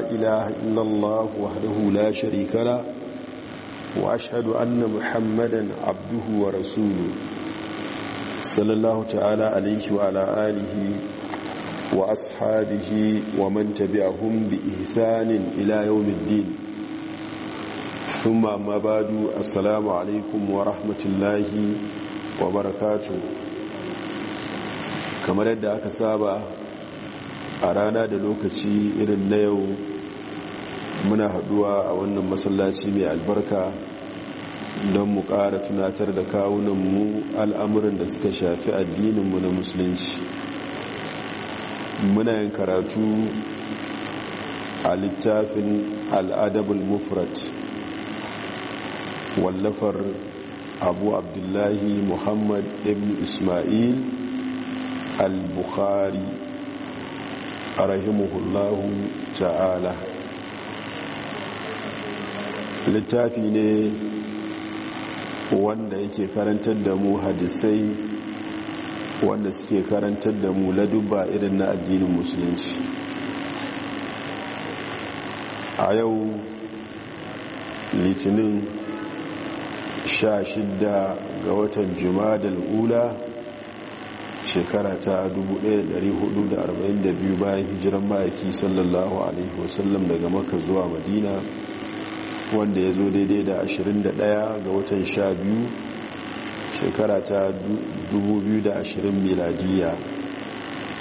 Wa a ila wa haddahu la shari'a, kala ku ashirar annaba muhammedan abduhu wa rasuluhu. Sallallahu ta'ala alayhi wa ala'anihi, wa asxaanahi wa man-tabi'a humbi ihsanin ila yau min din. Su Mama Bado, as-salaamualeykum wa rahmatullahi wa barkatun. Kamar yadda aka saba. a rana da lokaci irin na yau muna haduwa a wannan masallaci mai albarka don mu ƙara tunatar da kawunanmu al'amuran da suka shafi addininmu na musulunci muna yin karatu a littafin al'adabul mufrat wallafar abu abdullahi muhammad ibn ismail al-bukhari rahimuhullahu ta'ala littafi ne wanda yake karantar da mu hadisai wanda suke karantar da mu ladubba irin na addinin musulunci a yau litinin sha shidda ga watan juma'a da Lula. shekara ta 1442 bayan hijiran ma'aiki sallallahu alaihi wasallam daga maka zuwa madina wanda ya zo daidai da 21 ga watan 12 shekara ta 2020 miladiya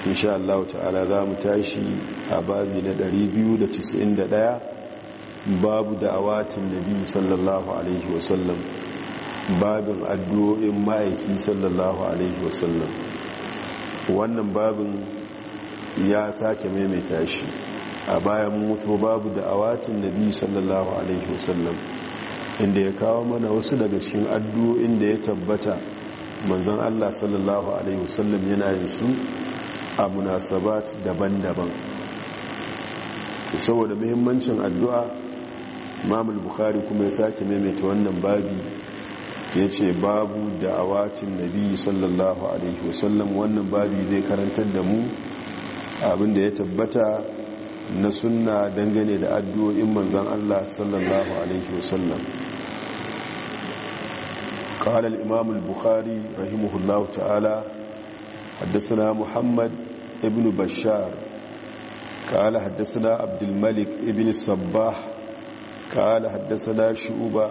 insha Allah ta'ala za mu tashi a babi na 291 babu da'awatin nabi sallallahu alaihi wasallam babin addu'o'in ma'aiki sallallahu alaihi wasallam wannan babin ya sake maimaita shi a bayan mutu babu da awatin nabi sallallahu alaihi wasallam inda ya kawo mana wasu daga cikin addu'o'in da ya tabbata manzon Allah sallallahu alaihi wasallam yana yin su a munasabat daban-daban saboda muhimmancin addu'a mamul bukhari kuma ya sake maimaita wannan babi ya ce babu da'awacin nabi sallallahu alaihi wasallam wannan babi zai karantar da mu abinda ya tabbata na sunna dangane da addu'o'in manzan Allah sallallahu alaihi wasallam قال الإمام البخاري رحمه الله تعالى حدثنا محمد ابن بشار قال حدثنا عبد الملك ابن الصباح قال حدثنا شعبة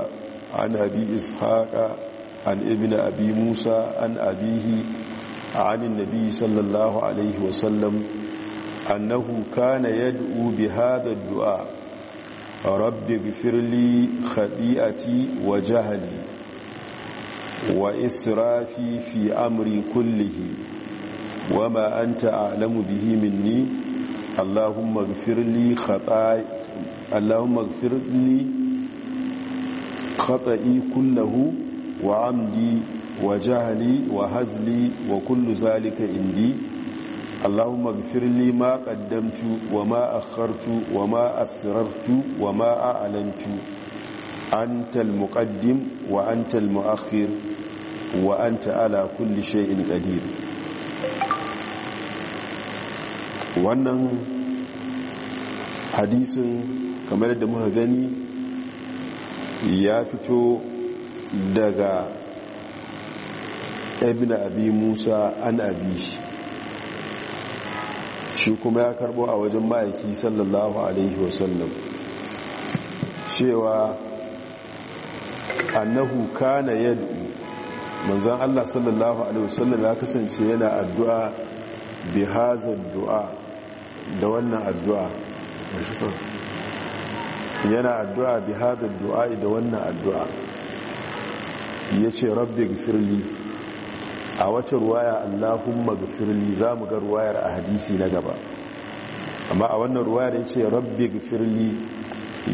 an abi ishaqa an ibn abi musa an abihi عن النبي صلى الله عليه وسلم أنه كان يدعو بهذا الدعاء رب اغفر لي خطيئتي وجهلي وإسرافي في أمري كله وما أنت أعلم به مني اللهم اغفر لي خطايا اللهم اغفر لي khata'i kullahu wa amdi wa jahli wa hazli wa kullu zalika indi allahumma ighfir li ma qaddamtu wa ma akhartu wa ma asrartu wa ma a'lantu anta al-muqaddim wa anta al-mu'akhir wa anta ala kulli shay'in qadir wannan hadisin kamar da muka gani ya fito daga ibn abi musa an abi shi kuma ya karbo a wajen ma'aiki sallallahu alaihi wasallam cewa annahu kana yad'u manzan Allah sallallahu alaihi wasallam ya kasance yana addu'a bihazan du'a da wannan addu'a yana addu'a bi hadin du'a'i da wannan addu'a ya ce rabbi gafirli a wata ruwaya allahumma gafirli za mu ga ruwayar a hadisi na gaba amma a wannan ruwayar ya ce rabbi gafirli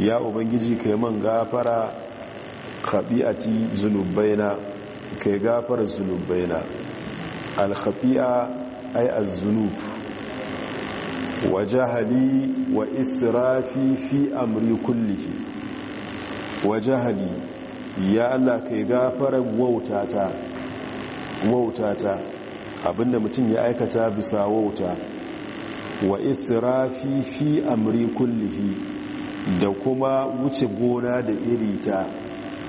ya ubangiji ka yi man gafara kabi'ati zunubaina ka yi gafara zunubaina al ai ay wa wa israfi fi amri kullihi wa ya Allah kai wautata abinda mutum ya aikata bisa wauta wa israfi fi amri kullihi da kuma wuce gona da irita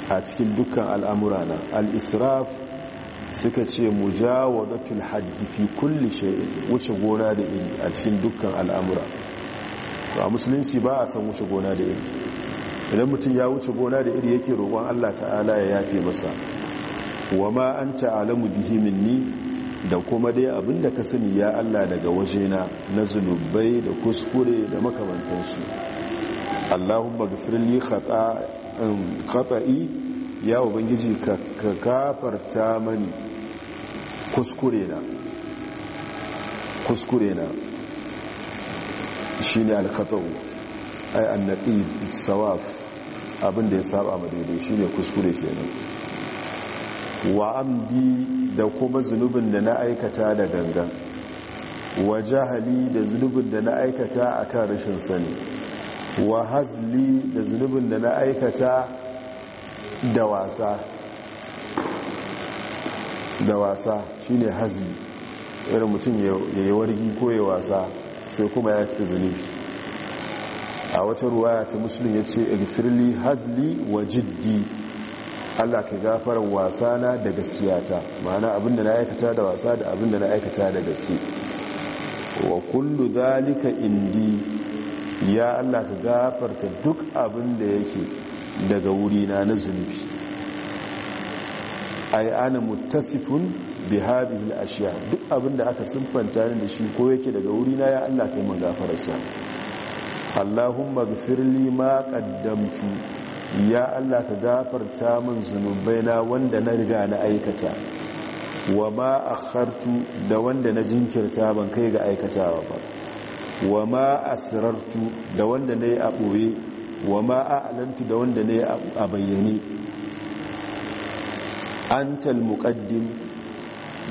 a cikin dukkan al'amurana al-israf suka ce mujawadatul haddi fi kulli shay'in wuce gona da iri a cikin dukkan al'amura to a musulunci ba a san wuce gona da iri idan mutum ya wuce gona da iri yake roƙon Allah ta'ala ya yafe masa wa ma anta alamu bihi ni da kuma dai abinda ka sani ya Allah daga wajena na zunubai da kuskure da makamantansu Allahumma ghfir li khata'i ya ubangiji ka kafarta mani kuskure na kuskure na shi ne alkatau ai annabi sawaf abinda ya saba ma daidai shine kuskure kenan wa amdi da kuma zunubin da na aikata da gangan wa jahali da zunubin da na aikata akan rashin sani wa hazli da zunubin da na aikata da wasa da wasa shine hazi irin mutum ya yi wargi ko ya wasa sai kuma ya fita zunubi a wata ruwa ya ta musulun ya ce irfirli hazli wa jiddi allah ka gafara wasa na da gaskiyata ma'ana abinda na aikata da wasa da abinda na aikata da gaske wa kullu zalika indi ya allah ka gafarta duk abin abinda yake daga wurina na zunubi ai ana mutasifun bihabihin hadhihi al-ashya duk abinda aka sunfanta ni da shi ko yake daga wurina ya Allah kai mun gafararsa Allahumma ghfirli ma kaddamtu ya Allah ka gafarta min zunubai na wanda na riga na aikata wa ma da wanda na jinkirta ban kai ga aikatawa ba wa ma da wanda na yi a ɓoye wa ma a'lantu da wanda ne a bayyane antal muqaddim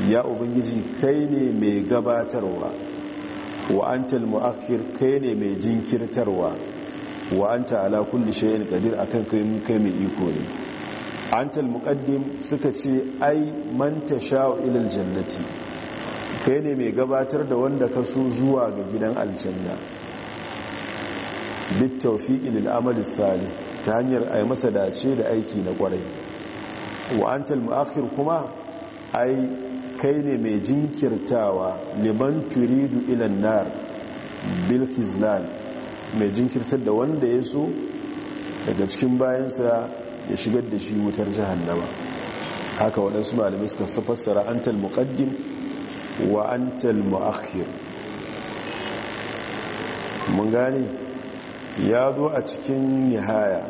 ya ubangiji kai ne mai gabatarwa wa antal muakhir kai ne mai jinkirtarwa wa anta ala kulli shay'in qadir akan kai kai mai iko ne antal muqaddim suka ce ai man tasha'u ila aljannati kai ne mai gabatar da wanda ka so zuwa ga gidan aljanna bittawfiqi lil amali salih ta hanyar ay masa dace da aiki na kwarai wa antal muakhir kuma ai kai ne mai jinkirtawa liman turidu ila nar bil khizlan mai jinkirtar da wanda ya so daga cikin bayansa ya shigar da shi wutar jahannama haka waɗansu malamai suka fassara antal muqaddim wa antal muakhir mun gane ya zo a cikin nihaya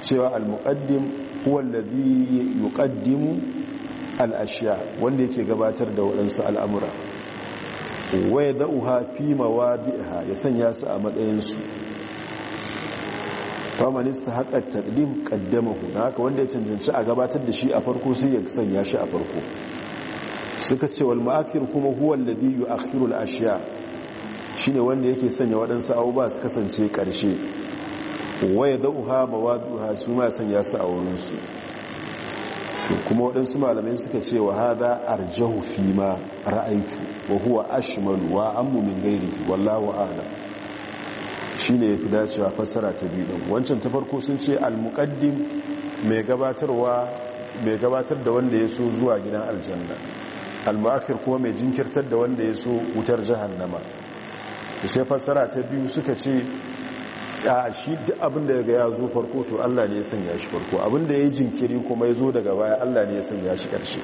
cewa al-muqaddim huwa alladhi yuqaddimu al-ashya wanda yake gabatar da waɗansu al'amura waya da'uha fi mawadi'iha ya sanya su a matsayin su famanista haƙa taqdim qaddamahu haka wanda ya cancanci a gabatar da shi a farko sai ya sanya shi a farko suka ce wal ma'akhir kuma huwa alladhi yu'akhiru al-ashya Shi ne wanda yake sanya waɗansu abubuwa su kasance ƙarshe waya zauha mawaduha su ma sanya su a wurinsu to kuma waɗansu malamai suka ce wa hada arjahu fi ma ra'aitu wa huwa ashimalu wa an mumin gairi wallahu ne shine fi dacewa fassara ta biyu din wancan ta farko sun ce al mai gabatar da wanda ya so zuwa gidan aljanna al kuma mai jinkirtar da wanda ya so wutar jahannama sai fassara ta biyu suka ce a shi duk abin da ya zo farko to Allah ne ya sanya shi farko abin ya yi jinkiri kuma ya zo daga baya Allah ne ya sanya shi ƙarshe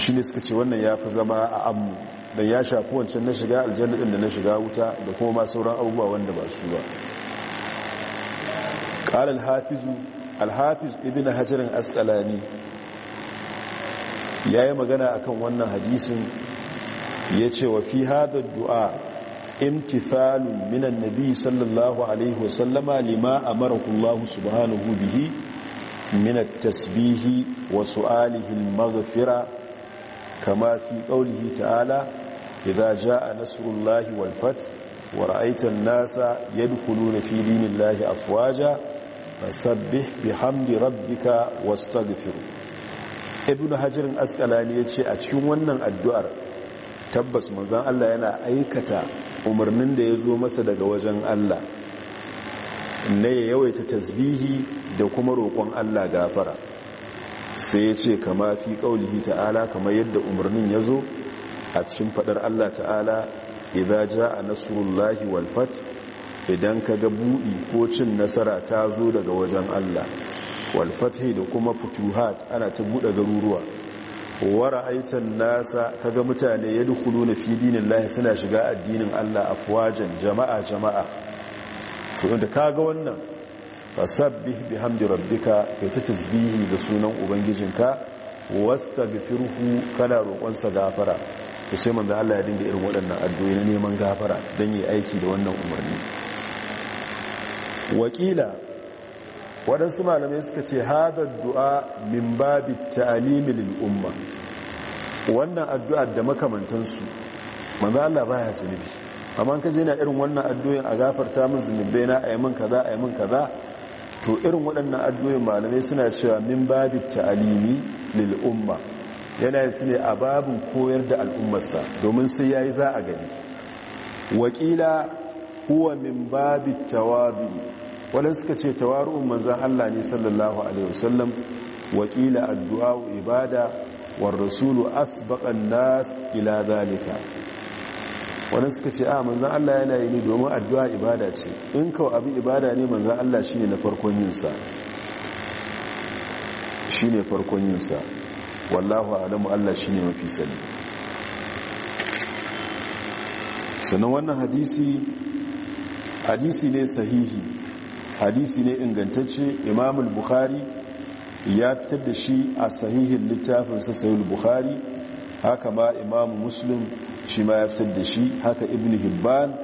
shi ne suka ce wannan ya fi zama a amu da ya shafi wancan na shiga aljannadin da na shiga wuta da kuma ma sauran abubuwa wanda ba su ba alhafizu alhafiz ibn hajjarin ya yi magana akan wannan hadisin ya ce wa fi hada du'a imtithalun minan nabi sallallahu alaihi wasallama lima amarahu Allah subhanahu bihi min tasbihi tasbih wa su'alihi al-maghfira kama fi qawlihi ta'ala idza jaa nasrullahi wal fath wa ra'aita an-nasa yadkhuluna fi dinillahi afwaja fasabbih bihamdi rabbika wastaghfir ibnu hajar al-asqalani yace a cikin wannan addu'ar tabbas manzan Allah yana aikata umarnin da ya zo masa daga wajen Allah na ya yawaita tasbihi da kuma roƙon Allah gafara sai ya ce kama fi ƙaulihi ta'ala kamar yadda umarnin ya zo a cikin faɗar Allah ta'ala idan ja a nasurullahi walfat idan ka ga buɗi ko cin nasara ta zo daga wajen Allah Walfat da kuma futuhat ana ta buɗe garuruwa wa ra'aitan nasa kaga mutane ya dukulu na fi dinin lahi suna shiga addinin allah a afwajan jama'a jama'a to da kaga wannan fasabbih bihamdi rabbika kai ta tasbihi ga sunan ubangijinka wastaghfirhu kana roƙonsa gafara to sai manzo Allah ya dinga irin waɗannan addu'o'i na neman gafara don yi aiki da wannan umarni wakila waɗansu malamai suka ce haɗa du'a min babi ta'alimin al'umma wannan addu'ar da makamantansu manzo Allah baya zunubi amma ka je na irin wannan addu'o'in a gafarta min zunubai na ayi min kaza ayi min kaza to irin waɗannan addu'o'in malamai suna cewa min babi ta'alimi lil umma yana su ne a babin koyar da al'ummarsa domin sai yayi za a gani wakila huwa min babi tawabi wadda suka ce tawaru'un manzan Allah ne sallallahu alaihi wasallam wakila addu'a ibada wa rasulu asbaqan nas ila zalika wadda suka ce a manzan Allah yana yi ne domin addu'a ibada ce in kawo abin ibada ne manzan Allah shi ne na farkon yinsa Shi ne farkon yinsa wallahu alamu Allah shi ne mafi sani sannan wannan hadisi hadisi ne sahihi hadisi ne ingantacce imamul bukhari ya fitar da shi a sahihin littafin sahihul bukhari haka ma imamu muslim shi ma ya fitar da shi haka ibn hibban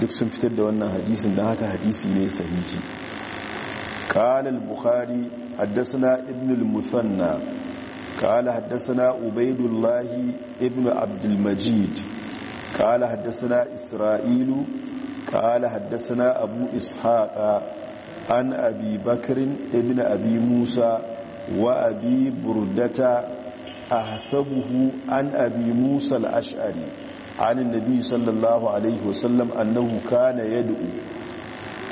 duk sun fitar da wannan hadisin da haka hadisi ne sahihi قال البخاري حدثنا ابن المثنى قال حدثنا عبيد الله ابن عبد المجيد قال حدثنا إسرائيل قال حدثنا أبو إسحاق عن أبي بكر ابن أبي موسى وأبي بردة أحسبه عن أبي موسى الأشعري عن النبي صلى الله عليه وسلم أنه كان يدعو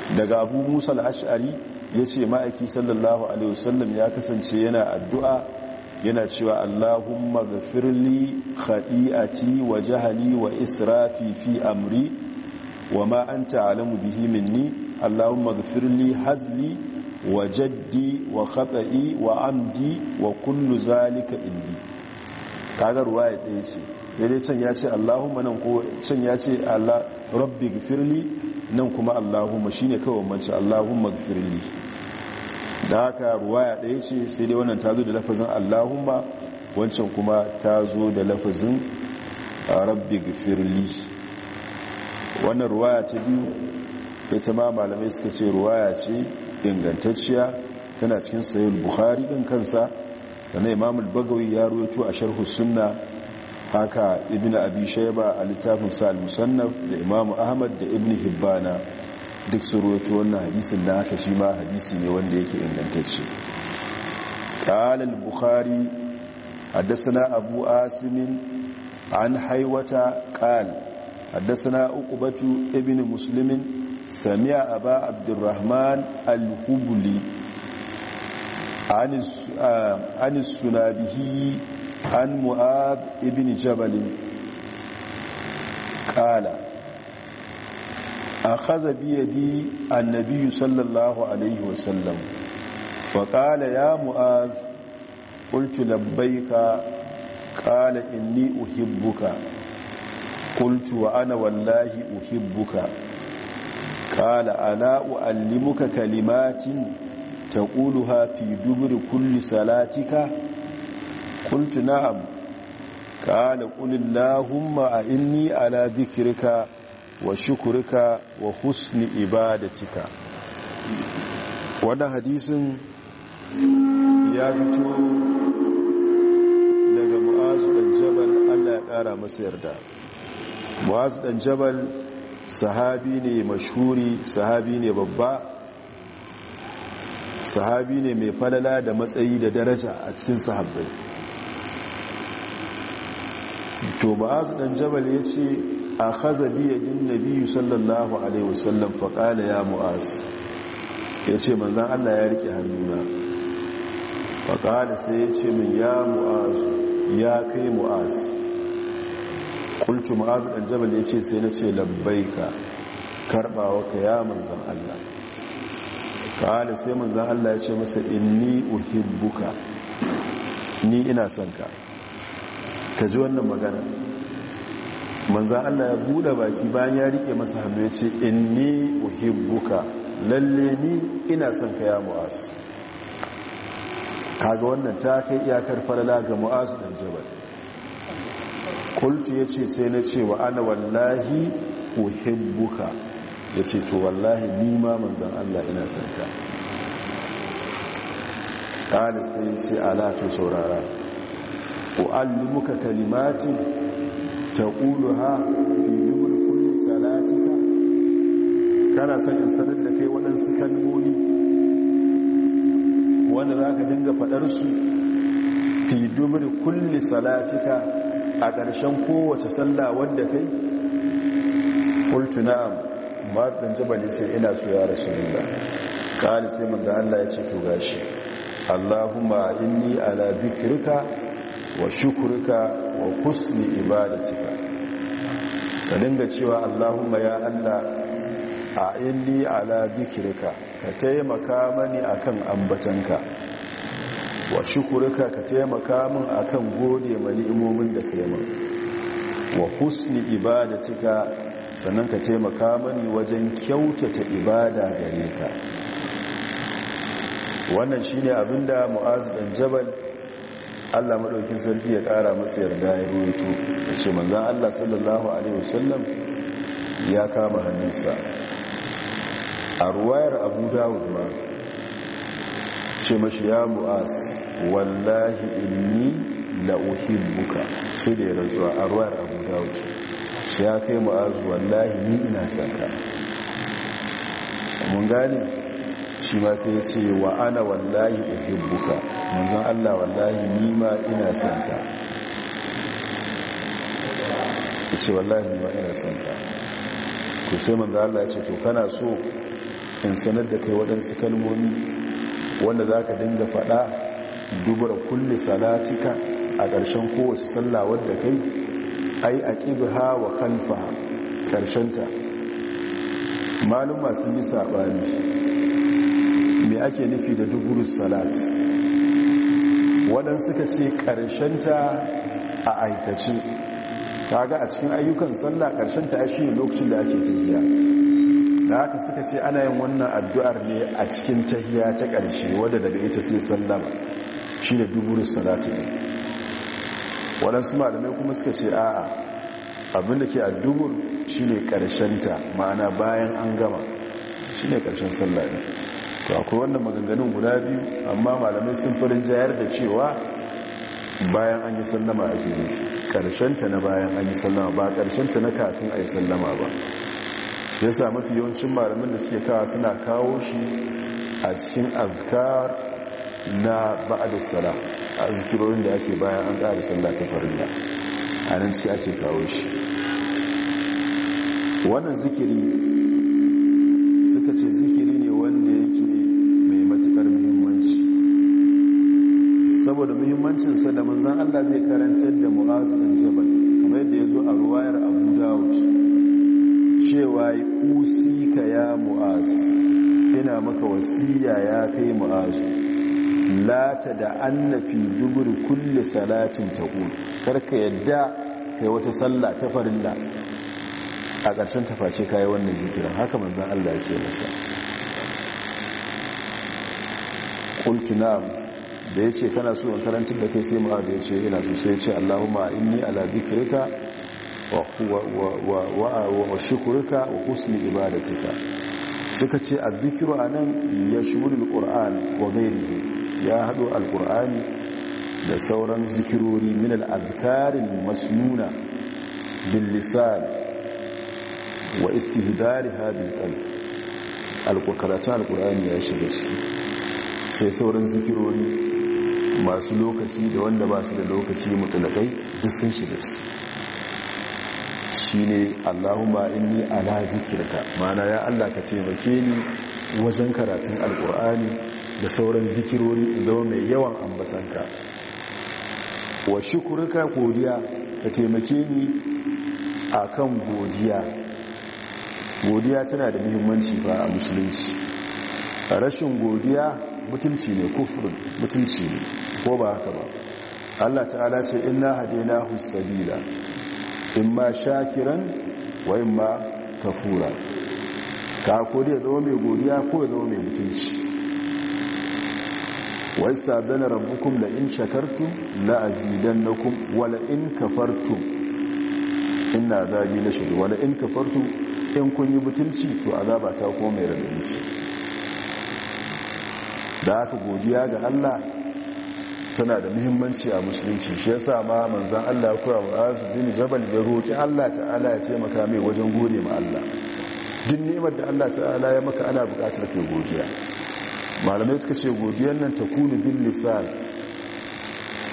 daga abu musa al'ash'ari ya ce ma'aiki sallallahu alaihi wasallam ya kasance yana addu'a yana cewa allahumma gafirli khadi'ati wa jahali wa israfi fi amri wa ma anta alamu bihi minni allahumma ghfirli hazli wa jaddi wa khata'i wa amdi wa kullu zalika indi kaga ruwaya ɗaya ce daidai can ya ce allahumma nan ko can ya ce allah rabbi ghfirli nan kuma allahumma shine kawai mace allahumma ghfirli da haka ruwaya ɗaya ce sai dai wannan ta zo da lafazin allahumma wancan kuma ta zo da lafazin rabbi gfirli wannan ruwaya ta biyu ita ma malamai suka ce ruwaya ce ingantacciya tana cikin sayil bukhari ɗin kansa sannan na imamul bagawi ya ruwaito a sharhu sunna haka ibn abi shaiba a littafin sa al-musannaf da imam ahmad da ibn hibbana duk su ruwaito wannan hadisin da haka shi ma hadisi ne wanda yake ingantacce قال البخاري na abu آسم عن حيوة قال حدثنا أقبة ابن مسلم سمع أبا عبد الرحمن الهبلي عن السنابه عن معاذ ابن جبل قال أخذ بيدي النبي صلى الله عليه وسلم فقال يا معاذ قلت لبيك قال إني أحبك qultu wa ana wallahi uhibbuka kala ala uallimuka kalimatin taquluha fi duburi kulli salatika qultu na'am qala qul a inni ala dhikrika wa shukurika wa husni ibadatika wannan hadisin ya fito daga mu'azu da jabal Allah ya ƙara masa yarda mu'az dan jabal sahabi ne mashhuri sahabi ne babba sahabi ne mai falala da matsayi da daraja a cikin sahabbai to mu'az dan jabal yace akhaza bi yadin nabi sallallahu alaihi wasallam faqala ya mu'az yace manzon Allah ya rike hannuna faqala sai yace min ya mu'az ya kai mu'az kulci mu'azu dan jabal ya ce sai na ce labbaika karbawa ka ya manzan Allah kala sai manzan Allah ya ce masa inni uhibbuka ni ina son ka ka ji wannan magana manzan Allah ya bude baki bayan ya rike masa hannu ya ce inni uhibbuka lalle ni ina son ka ya ka kaga wannan ta kai iyakar falala ga mu'azu dan jabal kultu ya ce sai na ce wa ana wallahi uhibbuka ya ce to wallahi nima manzan Allah ina sanka ƙali sai ya ce alatu saurara muka kalimati ta ƙuluha biyubul kullum salatika kana son in sanar da kai waɗansu kalmoni wanda za ka dinga faɗarsu fi dubir kulle salatika a ƙarshen kowace sallah wanda kai kultuna, ba ɗan jabali sai ina su ya rasu lullah ƙari sai manzan allah ya ce to gashi allahumma inni ala bikirka wa shukurka wa husni ibadatika ka dinga cewa allahumma ya allah a inni ala bikirka. ka taimaka mani akan ambatanka wa shukurka ka taimaka min akan gode ma ni'imomin da ka yi min wa husni ibadatika sannan ka taimaka mani wajen kyautata ibada gare ka wannan shine abinda mu'az dan jabal Allah madaukin sarki ya kara masa yarda ya ruwaito ce manzon Allah sallallahu alaihi wasallam ya kama hannunsa a ruwayar Abu Dawud ma ce mashi ya mu'az wallahi inni la'uhibbuka sai da ya rantsuwa a ruwar abu wuce shi ya kai mu'azu wallahi ni ina saka mun gane shi ma sai ya ce wa ana wallahi uhibbuka manzon Allah wallahi ni ma ina saka ya ce wallahi ni ma ina saka to sai manzon Allah ya ce to kana so in sanar da kai waɗansu kalmomi wanda za ka dinga faɗa Dubar kulle salatika a ƙarshen kowace sallah wadda kai ai aqibha wa khalfaha ƙarshenta malum masu yi saɓani me ake nufi da duburu salat waɗansu ka ce ƙarshenta a aikace ta ga a cikin ayyukan sallah ƙarshenta ya shi lokacin da ake tafiya da haka suka ce ana yin wannan addu'ar ne a cikin tahiya ta ƙarshe wadda daga ita sai sallama shi ne duburin salati ɗin waɗansu malamai kuma suka ce a abinda ke a dubur shi ne ta ma'ana bayan an gama shi ne ƙarshen sallah to akwai wannan maganganun guda biyu amma malamai sun farin jayar da cewa bayan an yi sallama a Karshen ta na bayan an yi sallama ba karshen ta na kafin a yi sallama ba ya sa mafi yawancin malamin da suke kawo suna kawo shi a cikin azkar na da sala a zikirorin da ake bayan an ƙara sallah ta farilla a nan ciki ake kawo shi wannan zikiri ta da annafi dubur kulle salatin kar karka yadda kai wata sallah ta farilla a ƙarshen taface kayi wannan zikirin haka manzon Allah ya ce masa qultu da ya ce kana so in karantar da kai sai mu'adh ya ce ina so sai ya ce Allahumma inni ala dhikrika wa shukurka wa husni ibadatika suka ce a a nan ya shigulul ƙura'an wa gairihi ya haɗo alkur'ani da sauran zikirori min al'adkarin masnuna bin lisan wa istihdari haɗin ƙal alkukaratun alkur'ani ya shiga shi sai sauran zikirori masu lokaci da wanda ba su da lokaci mutalakai duk sun shiga ciki shi ne allahumma inni ala zikirka mana ya allah ka taimake ni wajen karatun alkur'ani da sauran zikirori zama mai yawan ambatanka wa shukurka godiya ka taimake ni a kan godiya godiya tana da muhimmanci ba a musulunci rashin godiya mutunci ne kufurin mutunci ne ko ba haka ba allah ta'ala ce hade na husabila in ma kiran wa in ma kafura ka ko zama mai godiya ko ya zama mai mutunci wa istadana rabbukum la in na la azidannakum wa in kafartum inna azabi lashadid wa wala in kafartum in kun yi mutunci to azaba ta ko mai radadi da haka godiya ga Allah tana da muhimmanci a musulunci shi yasa ma manzon Allah kuwa Mu'az bin Jabal da roki Allah ta'ala ya taimaka mai wajen gode ma Allah duk ni'imar da Allah ta'ala ya maka ana buƙatar kai godiya malamai suka ce godiyar nan ta kuni bin lissar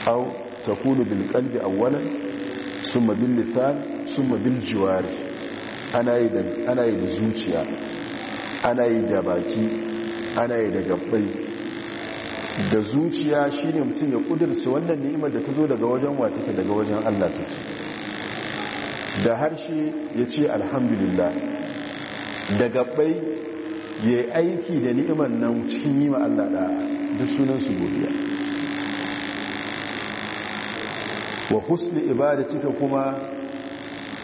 au ta kuni bin kalbi awwalan ma bin sun ma bin jiwari ana yi da zuciya ana yi da baki ana yi da gabbai da zuciya shine mutum ya kudurci wannan ni'imar da ta zo daga wajen watake daga wajen Allah take da harshe ya ce alhamdulillah da gabbai ya aiki da ni'imar nan cikin yi ma Allah da duk sunansu godiya wa husni cika kuma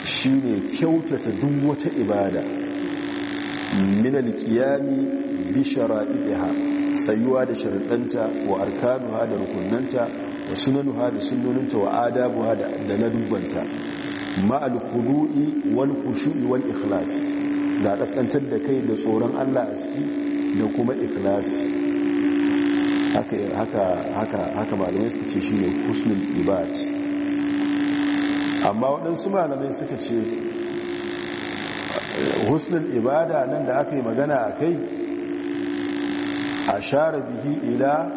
shi ne kyautata duk wata ibada min kiyami, bi shara'iha sayuwa da sharaɗanta wa arkanuha da rukunanta wa sunanuwa da sunnoninta wa adabuha da ladubanta ma al-khudu'i wal khushu'i wal ikhlas ga kaskantar da kai da tsoron Allah a ciki da kuma ikilasi haka malamai suka ce shi ne husnul ibad amma waɗansu malamai suka ce husnul ibada nan da aka yi magana a kai a share bihi ila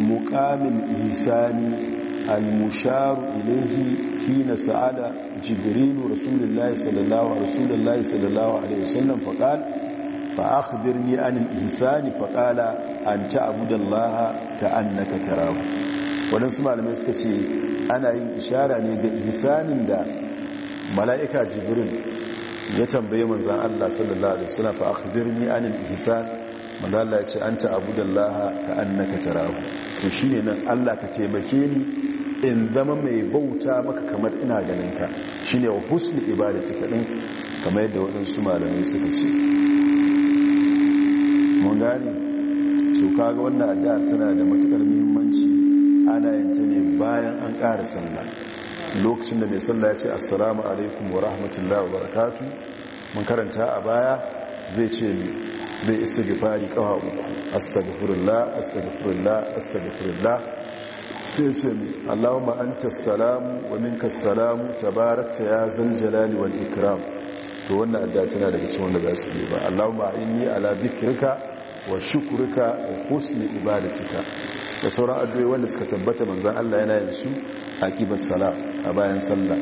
muƙamin ihsani al-musharu ilayhi hina sa'ada jibrilu rasulullahi sallallahu rasulullahi sallallahu alaihi wasallam faqala fa akhbirni an al-ihsani faqala an ta'budallaha ka'annaka tarahu wadansu malamai suka ce ana yin ishara ne ga ihsanin da mala'ika jibril ya tambayi manzon Allah sallallahu alaihi wasallam fa akhbirni an al-ihsan manzo Allah ya ce an to shi ne nan allah ka taimake ni in zama mai bauta maka kamar ina ganinka shi ne wa husni ibadati kaɗin kamar yadda waɗansu malamai suka ce mun gane su kaga wannan addu'ar tana da matukar muhimmanci ana yin ne bayan an ƙara sallah lokacin da mai sallah ya ce assalamu alaikum wa rahmatullahi wa barakatu mun karanta a baya zai ce isa gifari kawa uku astagfirullah astagfirullah astagfirullah sai ce mi Allahumma salamu wa minka salamu tabarata ya zal jalali wal ikram to wannan addu'a tana daga cikin wanda za su yi ba Allahumma inni ala bikirka wa shukurka wa husni ibadatika da sauran addu'o'i wanda suka tabbata manzon Allah yana yin su a kibar sala a bayan sallah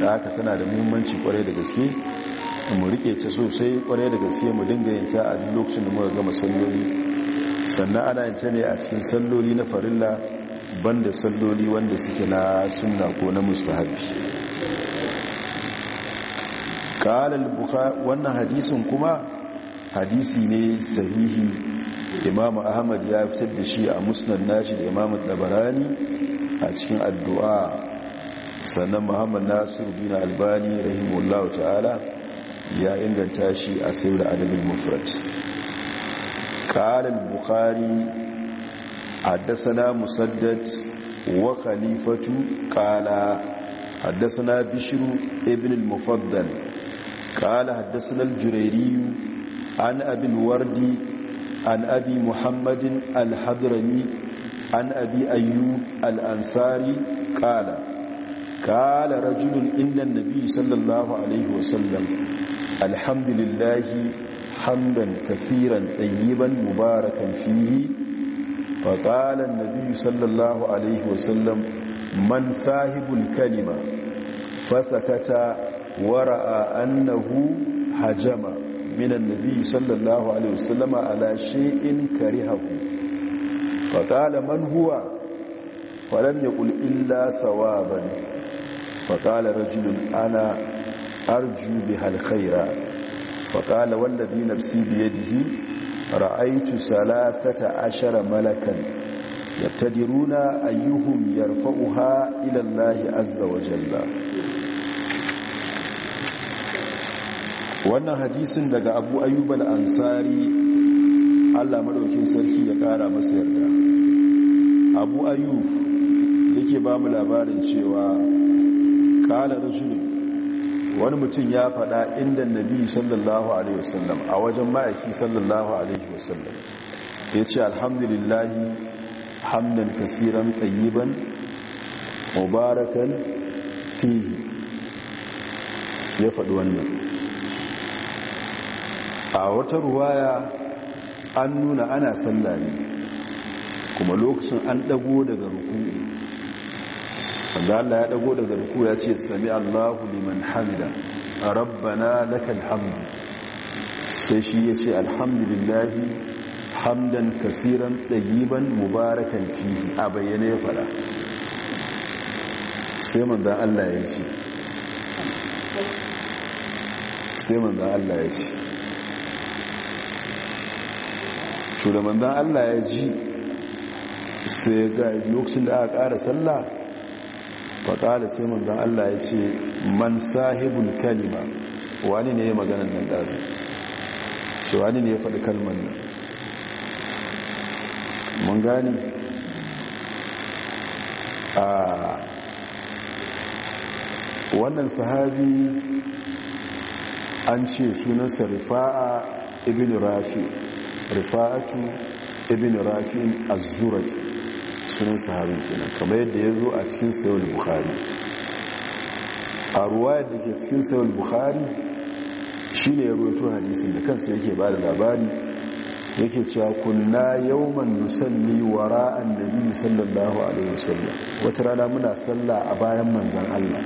da haka tana da muhimmanci kwarai da gaske mu rike ta sosai kwarai da gaske mu dinga yin ta a duk lokacin da muka gama salloli sannan ana yin ta ne a cikin salloli na farilla banda salloli wanda suke na sunna ko na mustahabi kalal bukhari wannan hadisin kuma hadisi ne sahihi imamu ahmad ya fitar da shi a musnad nashi da imam dabarani a cikin addu'a sannan muhammad nasiru bin albani rahimullahu ta'ala ya inganta shi a sayar da adabin mufrat ƙarar Bukhari, haddasa musaddad wa khalifatu ƙala haddasa na bishiru ibn al-mufaddal ƙala haddasa na jurairiyu an abin wardi an abi muhammadin al-hadrami an abi ayyub al-ansari ƙala قال rajulun إن النبي sallallahu alaihi عليه Alhamdu lillahi hamdan kafiran ɗayyiban mubarakan fihi faƙalan nabi sallallahu alaihi wasallam man sahibul kalima fasakata wara'a annahu hajama minan nabi sallallahu alaihi wasallama ala shay'in karihahu faƙala man huwa falam ya ƙul illa sawaban faƙala rajulun ana arju bi halkhaira faƙala wallabi na fi biye dihi ra'aitu salasata ashara malakan ya ta diruna ayyuhun yarfa'uha ilallahi azawajalla wannan hadisin daga abu ayyubal ansari allah maɗaukin sarki ya ƙara masa yarda abu ayyub yake bamu labarin cewa ƙala rasulun wani mutum ya faɗa inda nabi sallallahu alaihi wasallam a wajen ma'aiki sallallahu alaihi wasallam ya ce alhamdulillahi hamdan kasiran tsayiban mubarakan fi ya faɗi wannan a wata ruwaya an nuna ana sallari kuma lokacin an ɗago daga rukuni wanda Allah ya dago daga ruku ya ce sami Allahu liman hamida rabbana lakal hamdu sai shi ya ce alhamdulillahi hamdan kasiran ɗagiban mubarakan fihi a bayyana ya fada sai manzan Allah ya ce sai manzan Allah ya ce to da Allah ya ji sai ga lokacin da aka ƙara sallah faƙala sai manzan Allah ya ce man sahibin kalima wani ne ya maganan nan ɗazu ce wani ne ya faɗi kalman nan mun gani a wannan sahabi an ce sunansa rufa'a ibn rafi rufa'atu ibn rafi az-zuraki sunan sahabin kenan kamar yadda ya zo a cikin sayar bukhari a ruwa da ke cikin sayar bukhari shi ne ya ruwaito hadisin da kansa yake ba da labari yake cewa kunna yawman wa wara annabi sallallahu alaihi wasallam wata rana muna sallah a bayan manzon Allah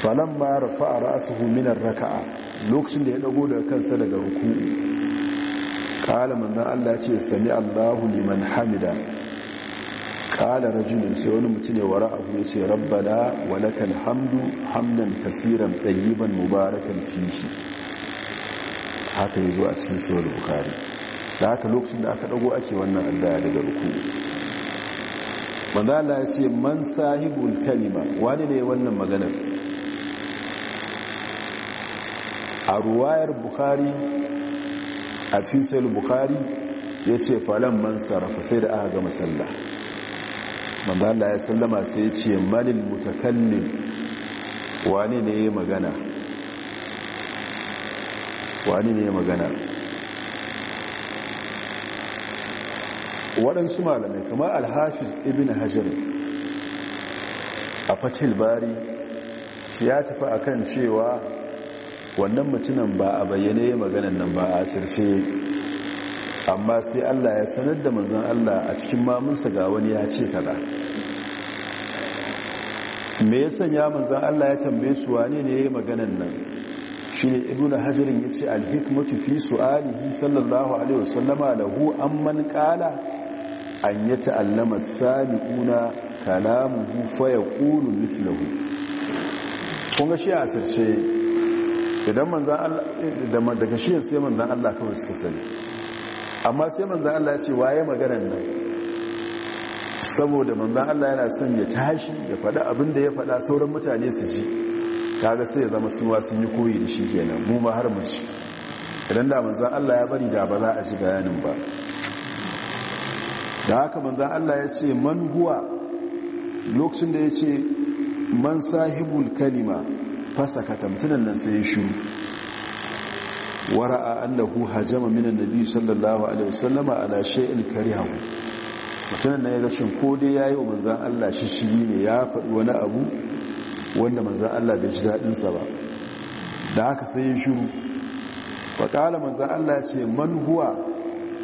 falamma rafa'a ra'suhu min ar-raka'a lokacin da ya dago daga kansa daga ruku'u qala manzon Allah ce sami Allahu liman hamida kala rajulun sai wani mutum ya wara abu ya ce da walakal hamdu hamdan kasiran ɗayyiban mubarakan fishi haka yi zuwa cikin sayar bukari da haka lokacin da aka ɗago ake wannan allaya daga ruku manzala ya ce man sahibul kalima wani ne wannan maganar a ruwayar bukari a cikin sayar bukari ya ce falon man sarrafa sai da aka gama sallah manzan ya sallama sai ya ce malil mutakallim wani ne ya magana wani ne ya magana waɗansu malamai kama alhafiz ibn hajar a fatil bari shi ya tafi akan cewa wannan mutumin ba a bayyane maganan nan ba a asirce amma sai Allah ya sanar da manzan Allah a cikin mamunsa ga wani ya ce kada me ya sanya manzan Allah ya tambaye su wane ne yi maganan nan shine na hajarin yace al Fisu, fi su'alihi sallallahu alaihi wasallama lahu man kala an yata'allama as-sabiquna kalamuhu fa yaqulu mithluhu kun ga shi a asirce idan manzan Allah daga shi sai manzon Allah kawai suka sani amma sai manzan Allah ya ce waye maganan nan saboda manzan Allah yana son ya tashi ya faɗa abin da ya faɗa sauran mutane su ji kaga sai ya zama suwa sun yi koyi da shi kenan mu ma har mu ci idan da manzan Allah ya bari da ba za a ji bayanin ba da haka manzan Allah ya ce man huwa lokacin da ya ce man sahibul kalima fasa katamtunan nan sai ya shuru wara'a annahu hajama minan nabi sallallahu alaihi wasallama ala shay'in karihahu mutumin nan yaga shin ko dai yayi wa manzon Allah shishigi ne ya faɗi wani abu wanda manzon Allah bai ji dadin sa ba da haka sai ya shiru fa kala manzon Allah ya ce man huwa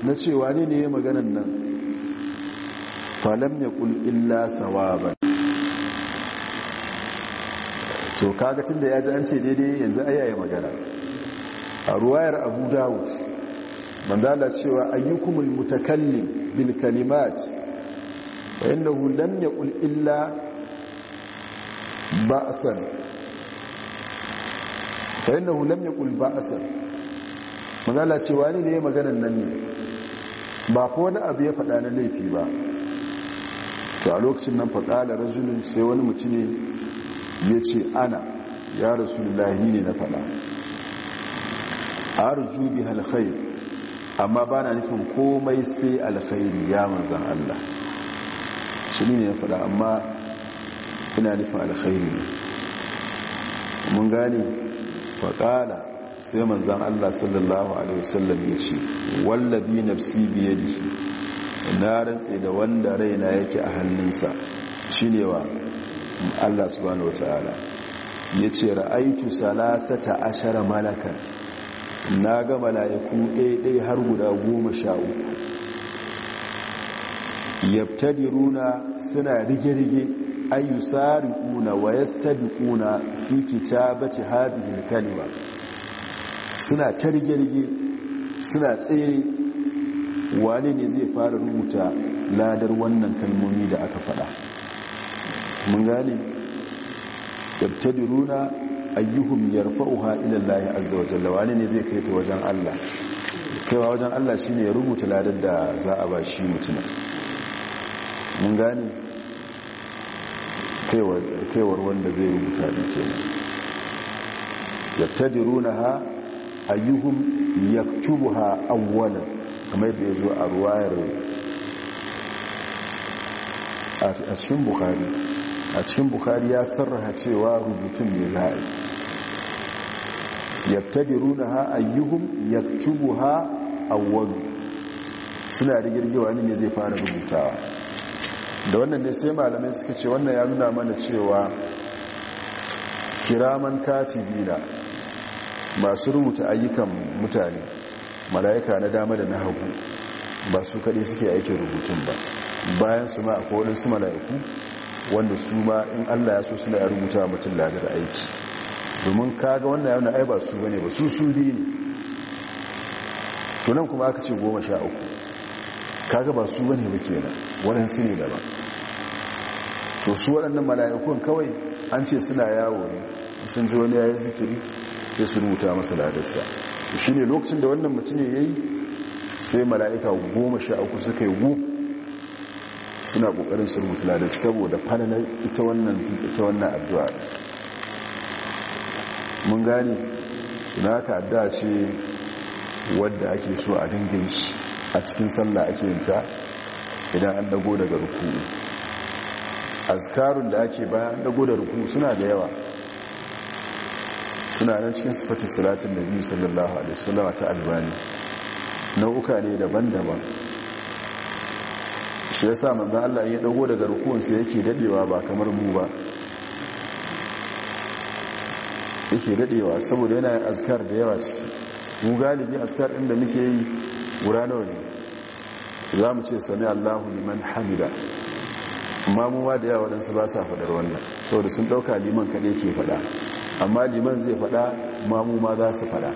na cewa ne ne maganan nan fa lam yaqul illa sawaban to kaga tunda ya ji an ce daidai yanzu ayaye magana a ruwayar abu dawud mandala cewa ayyukumul mutakallim bil kalimat wa innahu lam yaqul illa ba'san fa innahu lam yaqul ba'san mandala cewa ne ne maganan nan ne ba ko wani abu ya faɗa na laifi ba to a lokacin nan faƙala rajulun sai wani mutum ne ya ce ana ya rasulullahi ne na faɗa arju bi alkhair amma bana nufin komai sai alkhairi ya manzan Allah shi ne ya faɗa amma ina nufin alkhairi ne mun gane faƙala sai manzan Allah sallallahu Alaihi wasallam ya ce wallabi nafsi biyadi na rantse da wanda raina yake a hannunsa shi wa Allah subhanahu wa ta'ala ya ce ra'aitu salasata ashara malakan na ga mala'iku ɗaiɗai har guda goma sha uku runa suna rige-rige una wa yastabiquna fi bace hadhihi kalima suna ta rige-rige suna tsere wane ne zai fara rubuta ladar wannan kalmomi da aka faɗa mun gane runa. ayyuhum yarfa'uha ila Allah azza wa jalla wani ne zai kai ta wajen Allah kaiwa wajen Allah shine ya rubuta ladar da za a ba shi mutuna mun gane kaiwar wanda zai rubuta din kenan yabtadirunaha ayyuhum yaktubuha awwala kamar da yazo a ruwayar a cikin bukhari a cikin bukari ya sarraha cewa rubutun ne za a yi na ha ayyuhum yaktubuha awwalu suna rigirgewa ne zai fara rubutawa da wannan ne sai malamai suka ce wannan ya nuna mana cewa kiraman kati bina masu rubuta ayyukan mutane mala'ika na dama da na hagu ba su kaɗai suke aikin rubutun ba bayan su ma akwai su mala'iku wanda su ma in allah ya so suna ya rubuta mutum ladar aiki domin kaga wannan ya wani ai ba su bane ba su su biyu ne tunan kuma aka ce goma sha uku kaga ba su bane ba kenan waɗansu ne daban to su waɗannan mala'ikun kawai an ce suna yawo ne sun ji wani ya yi zikiri sai su rubuta masa ladarsa to shine lokacin da wannan mutum ya yi sai mala'ika goma sha uku suka yi goma suna kokarin su rubuta ladar saboda falalar ita wannan ita wannan addu'a mun gane na ka addu'a ce wadda ake so a dinga yi a cikin sallah ake yin idan an dago daga ruku azkarun da ake bayan dago da ruku suna da yawa suna nan cikin sifatin salatin nabi sallallahu alaihi wasallam ta albani nau'uka ne daban-daban shi yasa manzo Allah ya dago daga rukun yake dadewa ba kamar mu ba yake dadewa saboda yana azkar da yawa ciki mu galibi azkar din da muke yi guda ne za mu ce sami Allahu liman hamida amma mu ba da yawa wadansu ba sa fadar wannan saboda sun ɗauka liman kaɗai ke faɗa amma liman zai fada mu ma za su fada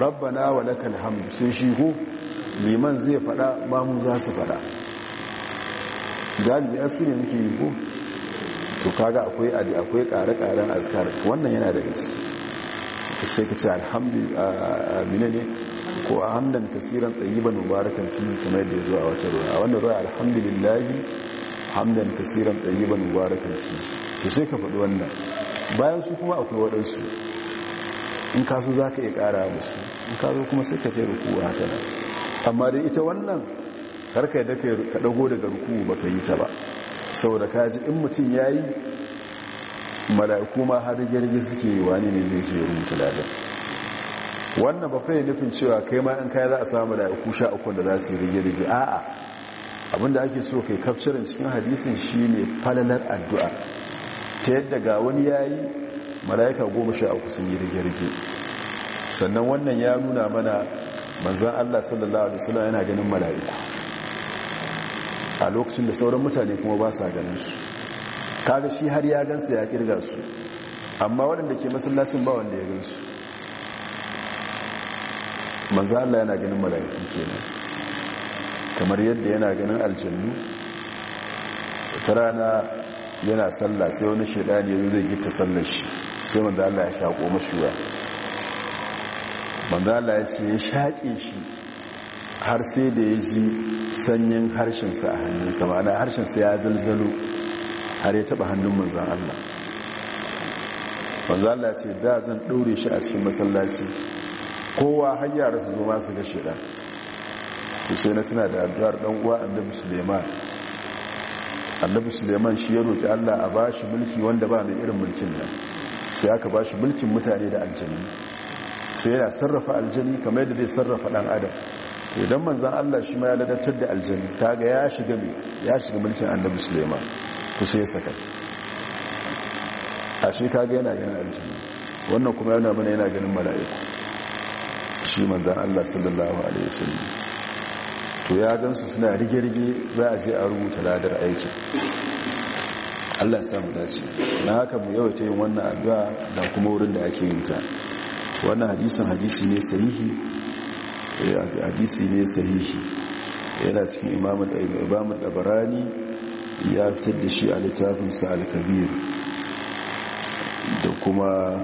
rabbana wa lakal hamdu sun shi ko liman zai faɗa mu za su faɗa galibi su ne muke yi ko to kaga akwai adi akwai kare ƙaren askar wannan yana da gaske sai ka ce alhamdulillah ne ko a hamdan kasiran tsayiban mubarakan fi kamar yadda ya zuwa wata ruwa wanda ruwa alhamdulillah hamdan kasiran tsayiban mubarakan fi to sai ka faɗi wannan bayan su kuma akwai waɗansu in kaso za ka iya ƙara musu in kaso kuma sai ka ce rukuwa haka nan amma dai ita wannan karka da ka dago daga ruku ba ka yi ta ba sau saboda kaji in mutum ya yi mala'iku ma har girgi suke yi wani ne zai ce rubuta ladan wannan ba fai nufin cewa kai ma in kai za a samu mala'iku sha uku da za su yi rigirgi a'a abinda ake so kai kafcirin cikin hadisin ne falalar addu'a ta yadda ga wani ya yi mala'ika goma sha uku sun yi rigirgi sannan wannan ya nuna mana manzan Allah sallallahu alaihi wasallam yana ganin mala'iku a lokacin da sauran mutane kuma ba sa ganin su kaga shi har ya gansu ya kirga su amma waɗanda ke masallacin ba wanda ya gansu manzan Allah yana ganin mala'iku kenan kamar yadda yana ganin aljannu ta rana yana sallah sai wani ne ya zo zai girta sallar shi sai manzan Allah ya shaƙo mashi manzala ya ce ya shaƙe shi har sai da ya ji sanyin harshensa a hannunsa ma'ana harshensa ya zalzalo har ya taɓa hannun manzan Allah manzala Allah ce da zan ɗaure shi a cikin masallaci kowa har yara su zo su ga shida to sai na tana da addu'ar ɗan uwa annabi suleiman annabi suleiman shi ya roƙi Allah a ba shi mulki wanda ba mai irin mulkin nan sai aka ba shi mulkin mutane da aljanna sai yana sarrafa aljani kamar yadda zai sarrafa dan adam to idan manzan Allah shi ma ya ladabtar da aljani kaga ya shiga me ya shiga mulkin annabi Sulaiman to sai ya saka ashe kaga yana ganin aljani wannan kuma yana mana yana ganin mala'iku shi manzan Allah sallallahu alaihi wasallam to ya gansu suna rige-rige za a je a rubuta ladar aiki Allah samu dace na haka mu yawaita yin wannan addu'a da kuma wurin da ake yin ta wannan hadisin hadisi ne sahihi eh, hadisi ne sahihi yana cikin imamun dabarani ya fitar da shi a littafinsa al-kabir da kuma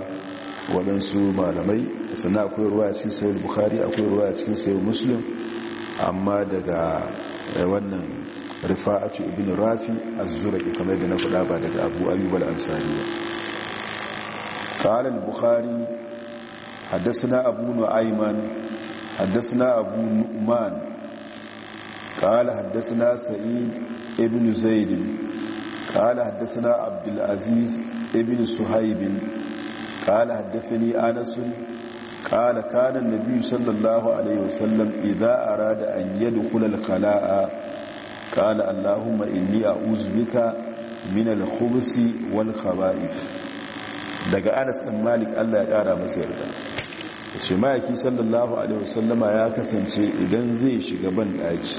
waɗansu malamai sannan akwai ruwa a cikin sayar bukari akwai ruwa cikin sayar muslim amma daga eh, wannan a cikin ibini rafi a zura ke kamar da na faɗa ba daga abu ayyub al-ansari ba qala bukhari حدثنا أبو نعيمان حدثنا أبو نؤمان قال حدثنا سعيد ابن زيد قال حدثنا عبد العزيز ابن سهيب قال حدثني أنس قال كان النبي صلى الله عليه وسلم إذا أراد أن يدخل الخلاء قال اللهم إني أعوذ بك من الخبث والخبائث daga anas ɗin malik allah ya ƙara masa yarda da ce ma'aiki sallallahu alaihi wasallama ya kasance idan zai shiga ban ɗaki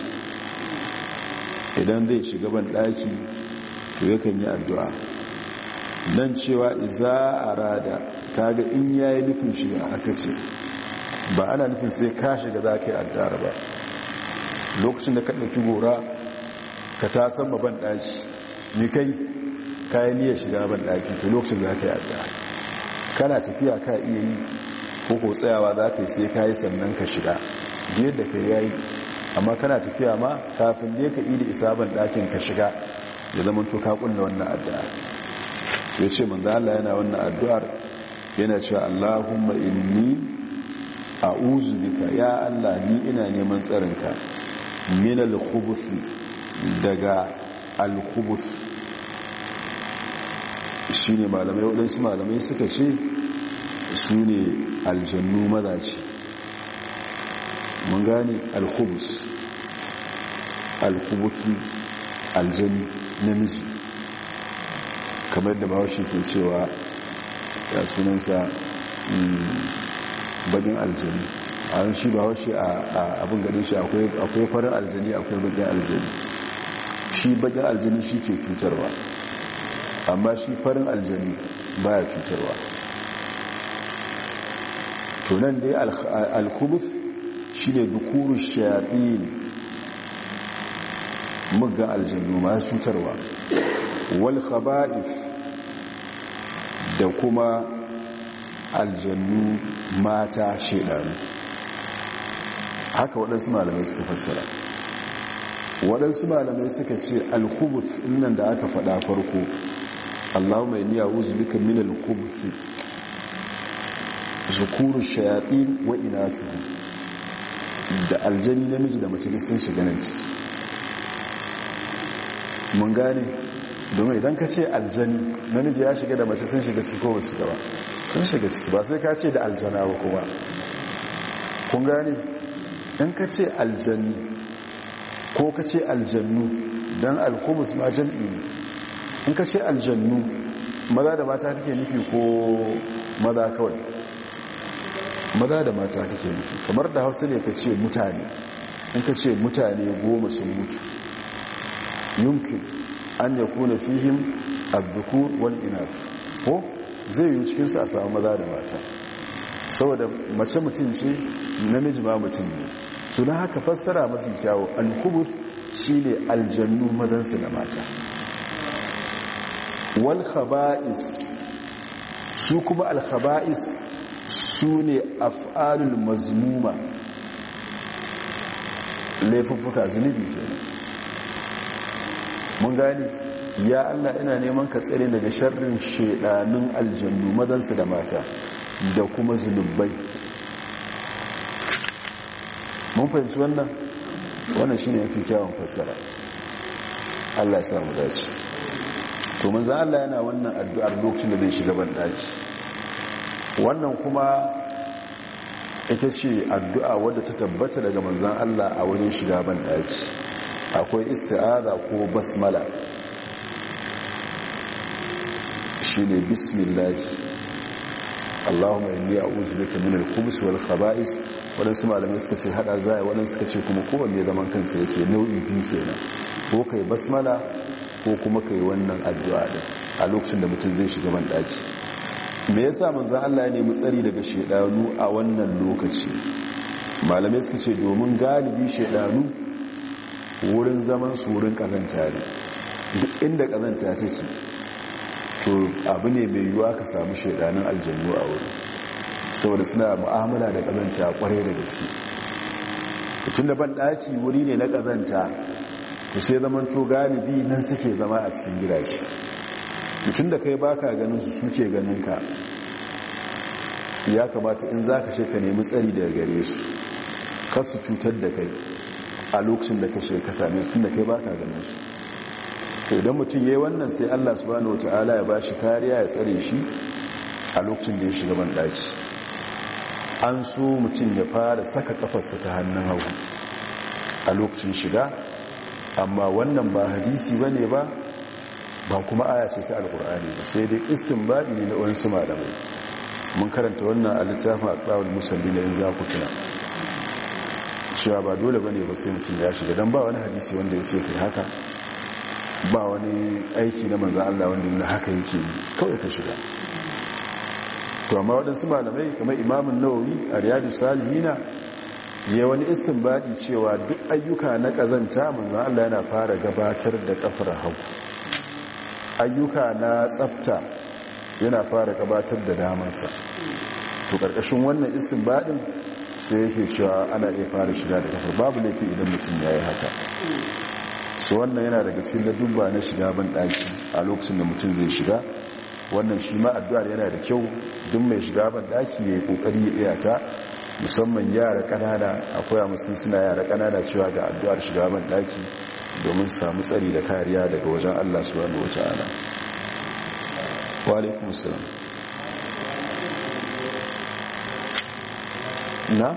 idan zai shiga ban ɗaki to yakan yi addu'a Nan cewa iza a rada ga in ya yi nufin shiga aka ce ba ana nufin sai ka shiga za ka yi addu'ar ba lokacin da ka ɗauki gora ka ta san ban ɗaki ni kai kayan niyyar shiga ban daki to lokacin za ka yi addu'a kana tafiya ka iya yi ko ko tsayawa za ka yi sai ka yi sannan ka shiga biyar da ka yi. amma kana tafiya ma kafin da ka iya isa ban dakin ka shiga ya zama to ka kunna wannan addu'a ya ce manzo Allah yana wannan addu'ar yana cewa Allahumma inni a'udhu bika ya Allah ni ina neman tsarinka min al daga al-khubuth shi ne malamai waɗansu malamai suka ce su ne aljannu ce mun gane alkubus alkubutu aljani namiji kamar da bawashi ke cewa ya sunansa mm, bagin aljani a yin shi bawashi a abin gadin shi akwai farin aljani akwai bagin aljani shi bagin aljani shi ke cutarwa amma shi farin aljani baya cutarwa tunan dai alkubus shi ne dukuru shaɗin muggan aljanu masu cutarwa wal khaba'if da kuma aljannu mata shaidanu haka waɗansu malamai suka fassara waɗansu malamai suka ce alkubus nan da aka faɗa farko Allah inni a'udhu bika min al-khubuth zukuru shayatin wa da aljani namiji da mace sun shiga nan ciki mun gane domin idan ka ce aljani namiji ya shiga da mace sun shiga ciki ko wasu gaba sun shiga ciki ba sai ka ce da aljana ba kuma kun gane idan ka ce aljani ko ka ce aljannu don alkubus ma jam'i ne in ka ce aljannu maza da mata kake nufi ko maza kawai maza da mata kake nufi kamar da hausa ne ka ce mutane in ka ce mutane goma sun mutu yunkin an ya kuna fihim abdukur wal inaf ko zai yi cikinsu a samu maza da mata saboda mace mutum ce namiji ba mutum ne su haka fassara mafi kyawo alkubus shi ne aljannu madansu da mata wal su kuma al khaba'is su ne af'alul mazmuma laifuffuka zunubi kenan mun gani ya Allah ina neman ka tsare daga sharrin shedanun aljannu su da mata da kuma zunubai mun fahimci wannan wannan shine fi kyawun fassara Allah ya samu dace to manzo Allah yana wannan addu'ar lokacin da zai shiga banɗaki wannan kuma ita ce addu'a wadda ta tabbata daga manzan Allah a wurin shiga banɗaki akwai isti'aza ko basmala shine ne bismillahi Allahumma inni a'udhu bika min al-khubus wal khaba'is su malamai suka ce hada zai wannan suka ce kuma kowanne zaman kansa yake nau'i biyu kenan ko kai basmala ko kuma ka yi wannan addu'a din a lokacin da mutum zai shiga banɗaki me yasa manzon Allah ya nemi tsari daga shedanu a wannan lokaci malamai suka ce domin galibi shedanu wurin zaman su wurin kazanta ne duk inda kazanta take to abu ne mai yiwuwa ka samu shedanun aljannu a wurin saboda suna mu'amala da ƙazanta kwarai da gaske tun da ban daki wuri ne na ƙazanta. to sai zaman to galibi nan suke zama a cikin gidaje mutum da kai baka ganin su suke ganin ka ya kamata in za ka sheka nemi tsari daga gare su kasu cutar da kai a lokacin da ka sheka same su tun da kai baka ganin su idan mutum ya yi wannan sai allah subhanahu wata ala ya ba shi kariya ya tsare shi a lokacin da ya shiga banɗaki an so mutum ya fara saka kafarsa ta hannun hagu a lokacin shiga amma wannan ba hadisi ba ne ba ba kuma aya ce ta alkur'ani ba sai dai baɗi ne na wasu malamai mun karanta wannan a littafin aqwal musalli na za ku tuna cewa ba dole ba ne ba sai mutum ya shiga don ba wani hadisi wanda ya ce kai haka ba wani aiki na manza Allah wanda yana haka yake kawai ka shiga to amma waɗansu malamai kamar imamin nawawi a riyadu salihina ya wani baɗi cewa duk ayyuka na ƙazanta manzan Allah yana fara gabatar da ƙafar hau ayyuka na tsafta yana fara gabatar da damarsa to ƙarƙashin wannan baɗin sai yake cewa ana iya fara shiga da ƙafar babu laifi idan mutum ya yi haka su wannan yana daga cikin dubba na shiga ban ɗaki a lokacin da mutum zai shiga wannan shi ma addu'ar yana da kyau duk mai shiga ban ɗaki ya yi ƙoƙari ya iya ta musamman yara a akwai musulun suna yara kanada cewa ga addu'ar shiga man daki domin samu tsari da kariya daga wajen Allah subhanahu wataala wa alaikum assalam na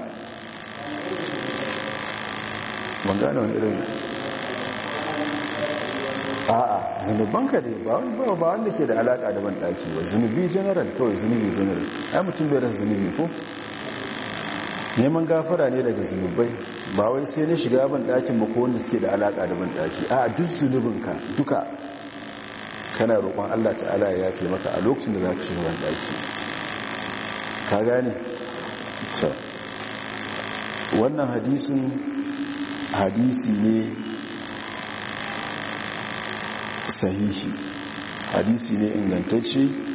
ban gane wani irin a'a ka ne ba wanda ke da alaƙa da ban daki ba zunubi general kawai zunubi general ai mutum bai rasa zunubi ko neman gafara ne daga zunubai ba wai sai na shiga ban ɗakin ba ko wanda suke da alaƙa da ban ɗaki a duk zunubinka duka kana roƙon allah ta'ala ya yafe maka a lokacin da za ka shiga ban ɗaki ka gane wannan hadisin hadisi ne sahihi hadisi ne ingantacce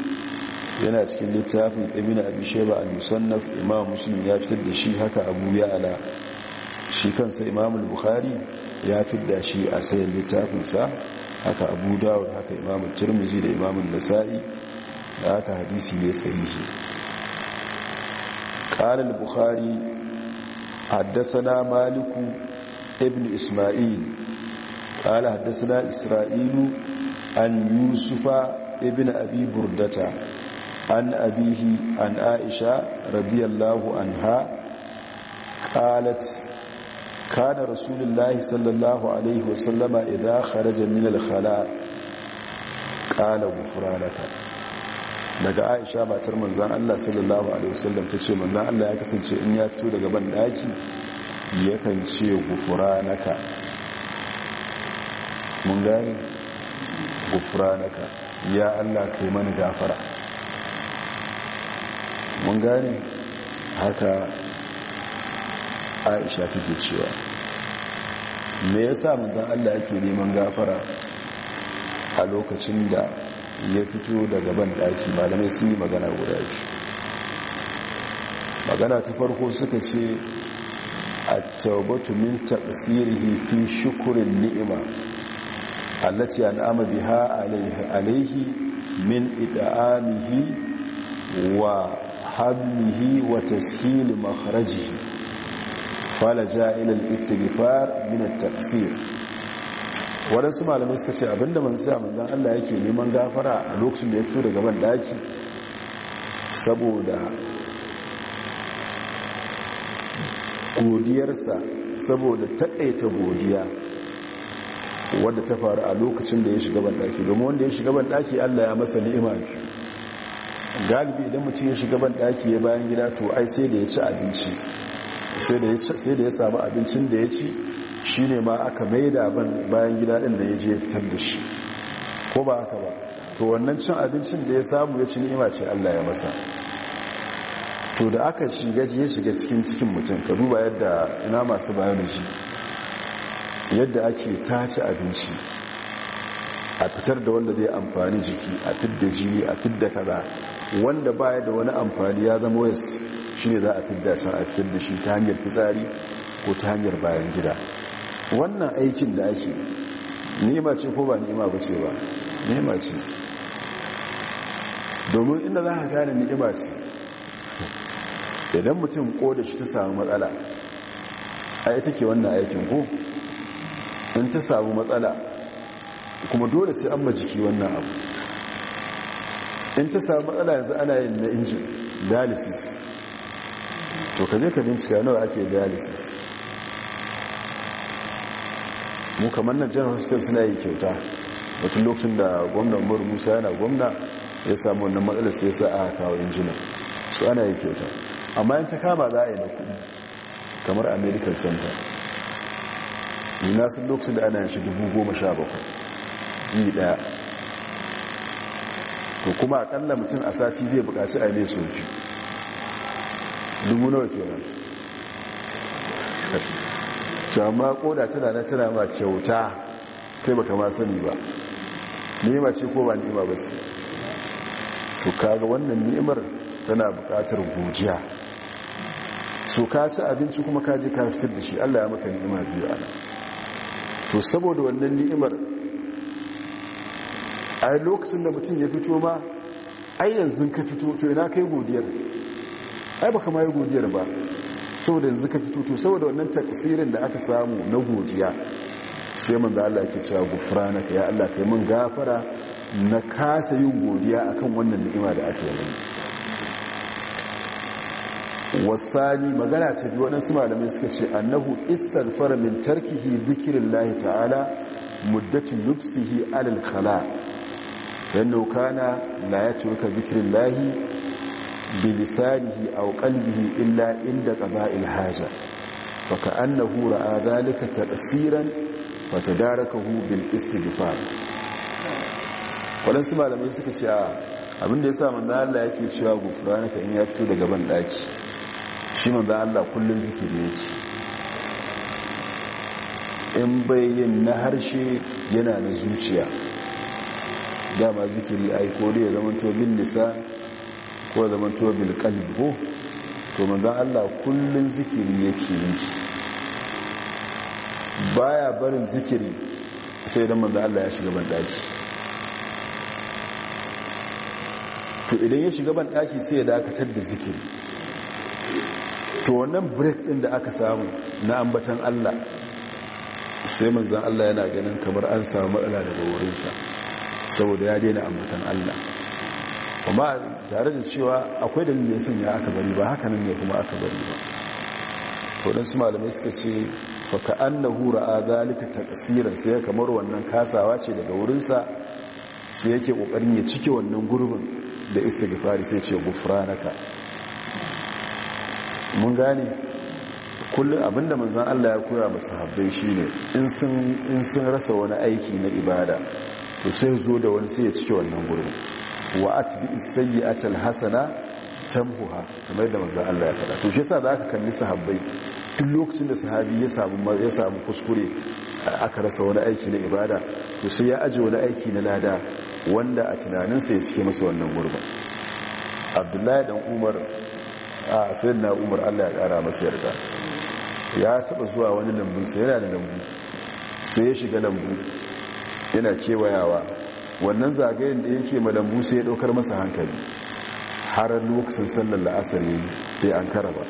yana cikin littafin ibn abi shayba al-musannaf imam muslim ya fitar da shi haka abu ala shi kansa imam al-bukhari ya fitar shi a sayan littafinsa, sa haka abu dawud haka imam Turmuzi, da imam an-nasa'i da haka hadisi ne sahihi qala al-bukhari haddathana malik ibn isma'il qala haddathana isra'ilu an yusufa ibn abi burdata an abihi an aisha radiyallahu anha qalat kana rasulullahi sallallahu alaihi wasallama idza kharaja min al-khala qala ghufranaka daga aisha matar manzon Allah sallallahu alaihi wasallam tace manzon Allah ya kasance in ya fito daga ban daki yakan ce ghufranaka mun gane gufranaka ya Allah kai mani gafara mun gane haka aisha take cewa me yasa don Allah yake neman gafara a lokacin da ya fito daga ban daki malamai sun yi magana guda magana ta farko suka ce a taubatu min taqsirihi fi shukurin ni'ima allati an'ama biha alayhi min ita'amihi wa hammihi wa tashil makharajihi falaja ila al-istighfar min at-taqsir wadansu malamai suka ce abinda manzo manzon Allah yake neman gafara a lokacin da ya fito daga ban daki saboda godiyarsa saboda taɗaita godiya wadda ta faru a lokacin da ya shiga ban daki domin wanda ya shiga ban daki Allah ya masa ni'ima biyu galibi idan mutum ya shiga ban daki ya bayan gida to ai sai da ya ci abinci sai da ya samu abincin da ya ci shi ne ma aka maida ban bayan gida ɗin da ya je fitar da shi ko ba aka ba to wannan cin abincin da ya samu ya ci ni'ima ce Allah ya masa to da aka shiga ya shiga cikin cikin mutum ka duba yadda ina masu bayan shi yadda ake ta ci abinci a fitar da wanda zai amfani jiki a fidda jini a fidda kaza wanda baya da wani amfani ya zama west shine za a fidda sa a fitar da shi ta hanyar fitsari ko ta hanyar bayan gida wannan aikin da ake nema ce ko ba nema ba ce ba nema ce domin inda za ka gane ni'ima ce idan mutum ko da shi ta samu matsala a ita ke wannan aikin ko in ta samu matsala kuma dole sai an majiki wannan abu in ta samu matsala yanzu ana yin na injin dialysis to ka je ka bincika nawa ake dialysis mu kamar nan general hospital suna yi kyauta wata lokacin da gwamnan umar musa yana gwamna ya samu wannan matsala sai ya sa a kawo injina su ana yi kyauta amma yin ta kama za a yi na kudu kamar american center yi nasu lokacin da ana yin shi bakwai. yi daya to kuma akalla mutum a sati zai bukaci a mai soki dubu nawa kenan amma koda tana na tana ma kyauta kai baka ma sani ba ni'ima ce ko ba ni'ima ba ce to kaga wannan ni'imar tana bukatar gujiya so ka ci abinci kuma kaji je ka fitar da shi Allah ya maka ni'ima biyu ana to saboda wannan ni'imar a lokacin da mutum ya fito ma ai yanzu ka fito to ina kai godiyar ai baka ma yi godiyar ba saboda yanzu ka fito to saboda wannan tasirin da aka samu na godiya sai da Allah ke cewa ka ya Allah kai mun gafara na kasa yin godiya a kan wannan ni'ima da aka yi wasani magana ta biyu waɗansu malamai suka ce annahu istaghfara min tarkihi dhikrillahi ta'ala muddatin nufsihi alal khala' yadda kana la ya ce bikirin lahi bilisanihi a ƙalbihi illa inda ƙaza ilhaja faka an na hura a zalika ta ƙasiran wata daraka hubin istighfar waɗansu malamai suka ce a abinda ya sa manzan Allah yake cewa na ka in ya fito daga ban ɗaki shi manzan Allah kullum zikiri yake in bayyana na harshe yana na zuciya dama zikiri a ko dai ya zama tobin nisa ko ya tobin bil to manzon Allah kullum zikiri ya yake yi baya barin zikiri sai don manzon Allah ya shiga banɗaki. daki to idan ya shiga ban sai ya dakatar da zikiri to wannan break din da aka samu na ambatan Allah sai manzon Allah yana ganin kamar an samu matsala daga wurinsa saboda ya daina ambatan Allah kuma tare da cewa akwai dalilin ya sanya aka bari ba haka nan ne kuma aka bari ba waɗansu malamai suka ce faka an na hura a zalika takasiran sai kamar wannan kasawa ce daga wurinsa sai yake ƙoƙarin ya cike wannan gurbin da istighfari sai ce gufranaka mun gane kullum abinda manzan Allah ya koya masu habbai shine in sun rasa wani aiki na ibada to sai zo da wani sai ya cike wannan gurbin wa atbi sayyi'atal hasana tamhuha kamar da manzo Allah ya faɗa to shi yasa za ka kalli sahabbai duk lokacin da sahabi ya samu ya samu kuskure aka rasa wani aiki na ibada to sai ya aje wani aiki na lada wanda a tunaninsa ya cike masa wannan gurbin abdullahi dan umar a na umar Allah ya kara masa yarda ya taba zuwa wani lambunsa. sai yana da lambu sai ya shiga lambu yana kewayawa wannan zagayen da yake malambu sai ya ɗaukar masa hankali har lokacin sallar la'asar ya an kara ba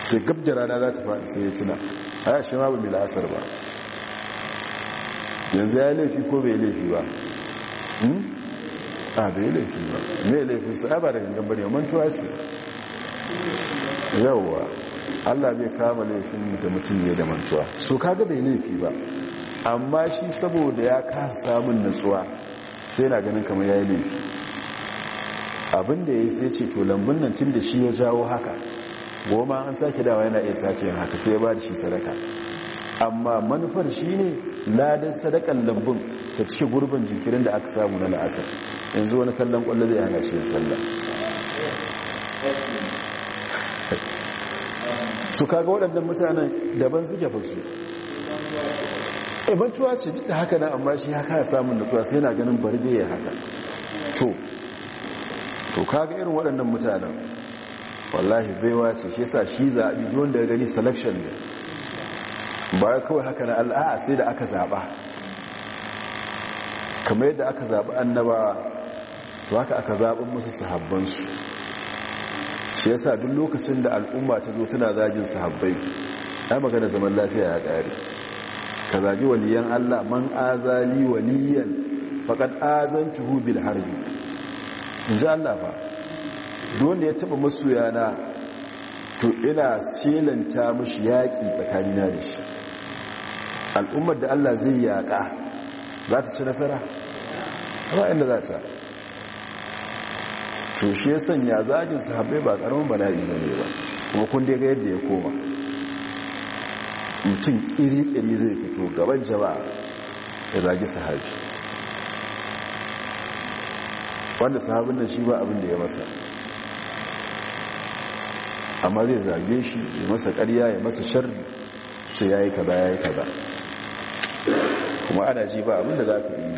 sai gab da rana za ta faɗi sai ya tuna a yashi ma ba mai la'asar ba yanzu ya laifi ko bai laifi ba hmm? a bai laifi ba mai laifin sa ba da gangan bane mantuwa ce Yauwa, allah bai kama laifin da mutum ya da mantuwa so kaga bai laifi ba amma shi saboda ya kasa samun nutsuwa sai na ganin kamar ya yi laifi abinda ya sai ce to lambun nan tun da shi ya jawo haka goma an sake dawa yana iya sake yin haka sai ya ba da shi sadaka amma manufar shi ne ladan sadakan lambun ta cike gurbin jinkirin da aka samu na la'asar yanzu wani kallon kwallo zai hana shi sallah su kaga waɗannan mutanen daban suke fasu e eh, bantuwa ce duk da haka na amma shi haka ya samun nutsuwa sai yana ganin bari da ya haka to to kaga irin waɗannan mutanen wallahi baiwa ce shi yasa shi zaɓi don da gani selection ne ba kawai haka na al'a'a sai da aka zaɓa kamar yadda aka zaɓi annaba to haka aka zaɓi musu sahabbansu shi yasa duk lokacin da al'umma ta zo tana zagin sahabbai ya magana zaman lafiya ya ƙare ka zagi waliyan Allah man azali waliyan faqad azantuhu bil harbi in inji Allah ba don da ya taba masoyana to ina silanta mashi yaƙi tsakanina da shi al'ummar da Allah zai yaƙa za ta ci nasara ba inda za ta to shi ya sanya zagin sahabbai ba karamin bala'i ne ba kuma kun dai ga yadda ya koma mutum iri-iri zai fito gaban jama'a ya zagi sahabi wanda sahabin nan shi ba abin da ya masa amma zai zage shi ya masa ƙarya ya masa shari sai ya yi kaza ya yi kaza kuma ana ji ba abin da za ka yi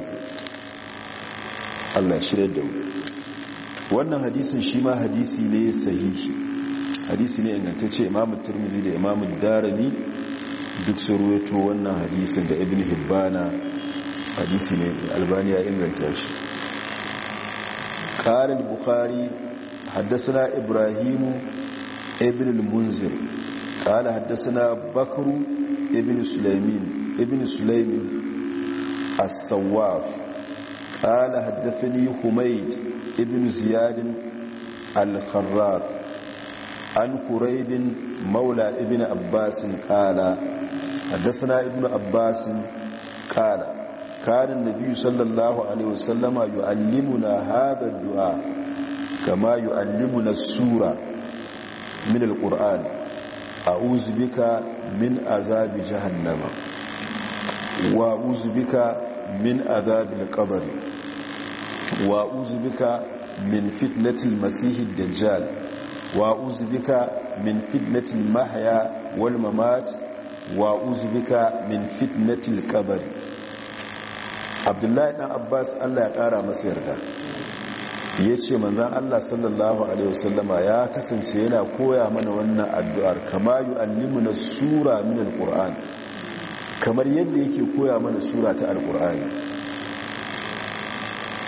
allah shirya da wuri wannan hadisin shi ma hadisi ne sahihi hadisi ne ingantacce imamun turmizi da imamun darani duk sun ruwaito wannan hadisin da ibn hibbana hadisi ne albaniya inganta shi ƙarin bukari haddasa ibrahimu ibn munzir ƙala haddasa bakru ibn sulaimin ibn sulaimin as-sawaf ƙala haddasa ni humaid ibn ziyadin al an kuraibin maula ibn abbasin kala haddasana ibn abbasin kala kanin nabi sallallahu alaihi wasallama yu'allimuna na haɗa dua kama yu'allimuna na sura min al-qur'an a'udhu bika min azabi jahannama wa a'udhu bika min adhabil qabr wa a'udhu min fitnatil masihid dajjal wa uzbika min fitnatil mahya wal mamat wa uzbika min fitnatil kabari abdullahi dan abbas Allah ya kara masa yarda yace manzon Allah sallallahu alaihi wasallama ya kasance yana koya mana wannan addu'ar kama na sura min alquran kamar yadda yake koya mana sura ta alqur'ani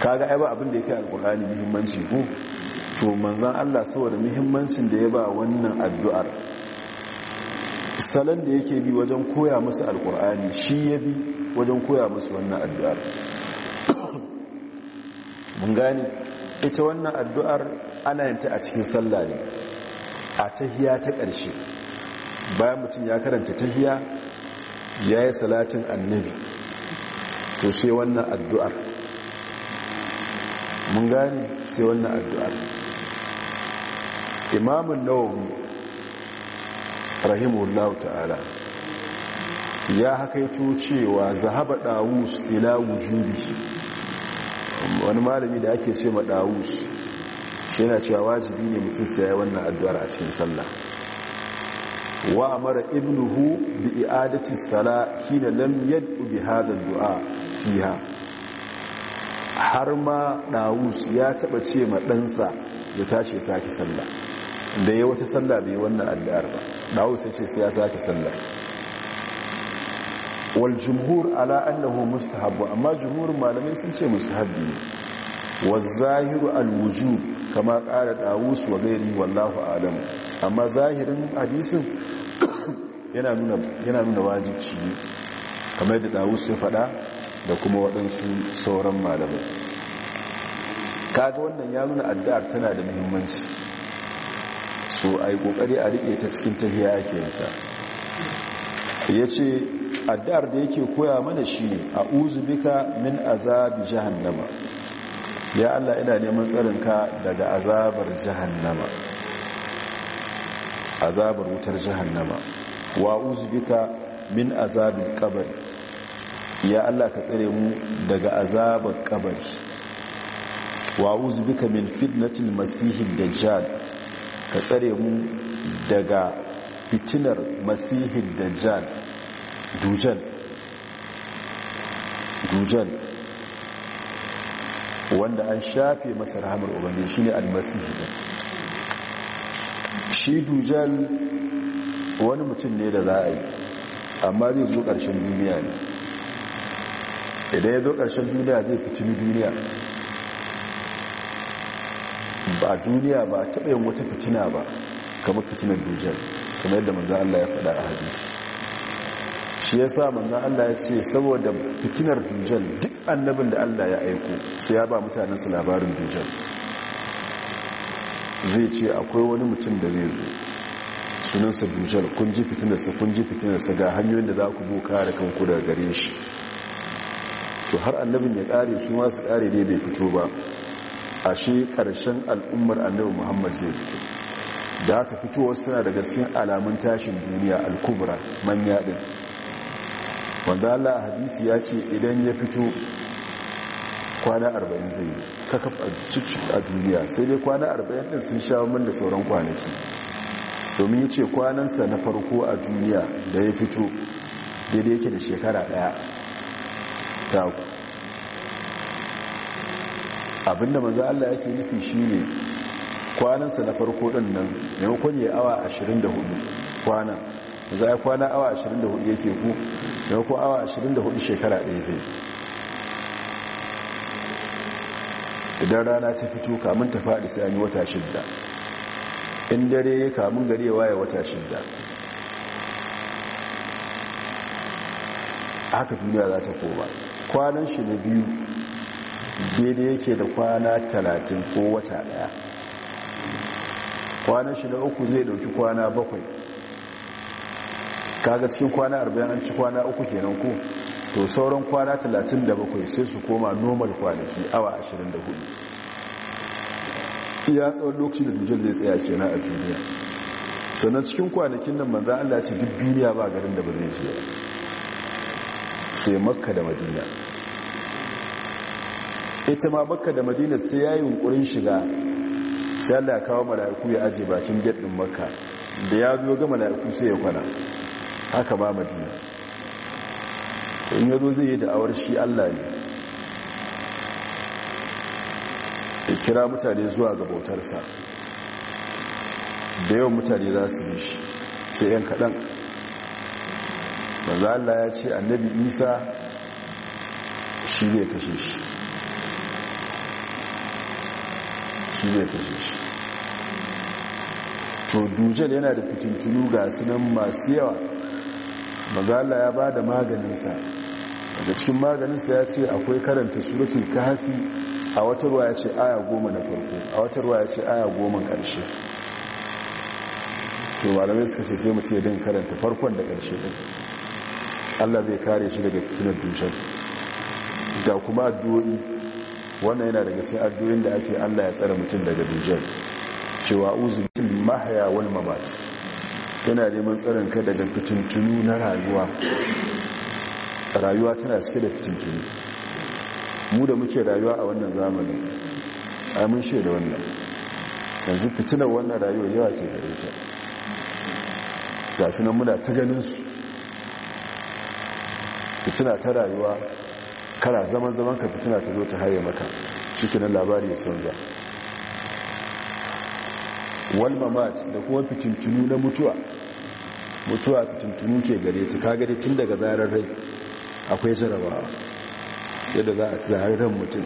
kaga ai ba abin da yake alqur'ani muhimmanci ko to manzan Allah saboda muhimmancin da ya ba wannan addu'ar salon da yake bi wajen koya musu alkur'ani shi ya bi wajen koya musu wannan addu'ar mun gani ita wannan addu'ar ana yanta a cikin sallah ne a tahiya ta ƙarshe bayan mutum ya karanta tahiya ya yi salatin annabi to sai wannan addu'ar mun gani sai wannan addu'ar imamun nawawi rahimullahu ta'ala ya hakaito cewa zahaba dawus ila wujubi wani malami da ake ce ma ɗawus shi yana cewa wajibi ne mutum sai wannan addu'ar a cikin sallah wa mara ibnuhu bi iadatis sala da lam yad'u bi hadha du'a fiha har ma ɗawus ya taɓa ce ma ɗansa ya tashi ya sallah da ya wata sallah bai wannan addu'ar ba dawo sai ce sai sake sallah wal jumhur ala annahu mustahab amma jumhur malamai sun ce mustahabbi ne waz zahiru al wujub kama qala dawus wa gairi wallahu alam amma zahirin hadisin yana nuna yana nuna wajibi kamar da dawus ya faɗa da kuma wadansu sauran malamai kaga wannan ya nuna addu'ar tana da muhimmanci to a yi kokari a riƙe ta cikin tahiya ake yanta ya ce addar da yake koya mana shi ne a uzubika min azabi jahannama ya Allah ina neman tsarinka daga azabar jahannama azabar wutar jahannama wa uzubika min azabin kabari ya Allah ka tsare mu daga azabar kabari wa uzubika min fitnatin masihin dajjal ka tsare mu daga fitinar masihin dajjal dujan dujan wanda an shafe masa rahamar ubangiji shine almasihi shi dujal wani mutum ne da za a yi amma zai zo ƙarshen duniya ne idan ya zo ƙarshen duniya zai fitini duniya ba duniya ba a taɓa yin wata fitina ba kamar fitinar dujjal kamar yadda manzan Allah ya faɗa a hadisi shi ya sa manzan Allah ya ce saboda fitinar dujjal duk annabin da Allah ya aiko sai ya ba mutanensa labarin dujjal zai ce akwai wani mutum da zai zo sunansa dujjal kun ji fitinarsa kun ji fitinarsa ga hanyoyin da za ku bu kare kanku daga gare shi to har annabin ya kare su ma su kare ne bai fito ba ashe ƙarshen al'ummar annabi muhammad zai fito da haka wasu suna daga cikin alamun tashin duniya al-kubra manya din wanda Allah hadisi ya ce idan ya fito kwana 40 zai kakaf a duniya sai dai kwana 40 din sun sha min da sauran kwanaki domin ya ce kwanansa na farko a duniya da ya fito daidai yake da shekara daya abinda maza Allah yake nufi shine kwanansa na farko din nan maimakon ya awa 24 kwana za ya kwana awa 24 yake ku maimakon awa 24 shekara ɗaya zai idan rana ta fito kamun ta faɗi sai an yi wata shidda in dare ya kamun gari ya waye wata shidda haka duniya za ta koma kwanan shi na biyu daidai yake da kwana talatin ko wata daya kwanan shi na uku zai dauki kwana bakwai kaga cikin kwana arba'in an ci kwana uku kenan ku? to sauran kwana talatin da bakwai sai su koma normal kwanaki awa ashirin da hudu iya tsawon lokacin da dujjal zai tsaya kenan a duniya sannan cikin kwanakin nan manzan allah ce duk duniya ba garin da ba zai je sai makka da madina ita ma makka da madina sai ya yi yunkurin shiga sai allah ya kawo mala'iku ya aje bakin gaɗin makka da ya zo ga mala'iku sai ya kwana haka ba madina in yazo zai yi da'awar shi allah ne ya kira mutane zuwa ga bautarsa da yawan mutane za su yi shi sai yan kaɗan manzo allah ya ce annabi isa shi ne kashe shi shi zai kashe shi to dujal yana da fitintunu ga sunan masu yawa magala ya ba da maganinsa daga cikin maganinsa ya ce akwai karanta suratul kafi. a wata ruwa ya ce aya goma na farko a wata ruwa ya ce aya goma ƙarshe to malamai suka ce sai mu ce din karanta farkon da ƙarshe din allah zai kare shi daga fitinar dujal da kuma addu'o'i wannan yana daga sai addu'o'in da ake Allah ya tsare mutum daga dujal cewa uzbil Mahaya, wal mamat yana neman tsaron ka daga fitintunu na rayuwa rayuwa tana cike da fitintunu mu da muke rayuwa a wannan zamanin ai mun shaida wannan yanzu fitinar wannan rayuwa yawa ke gare ta ga shi nan muna ta ganin su fitina ta rayuwa kana zaman zaman ka fitina ta zo ta haye maka cikin labari ya canza wal mamat da kuma fitintunu na mutuwa mutuwa fitintunu ke gare ta kaga tun daga zarar rai akwai jarabawa yadda za a tsari ran mutum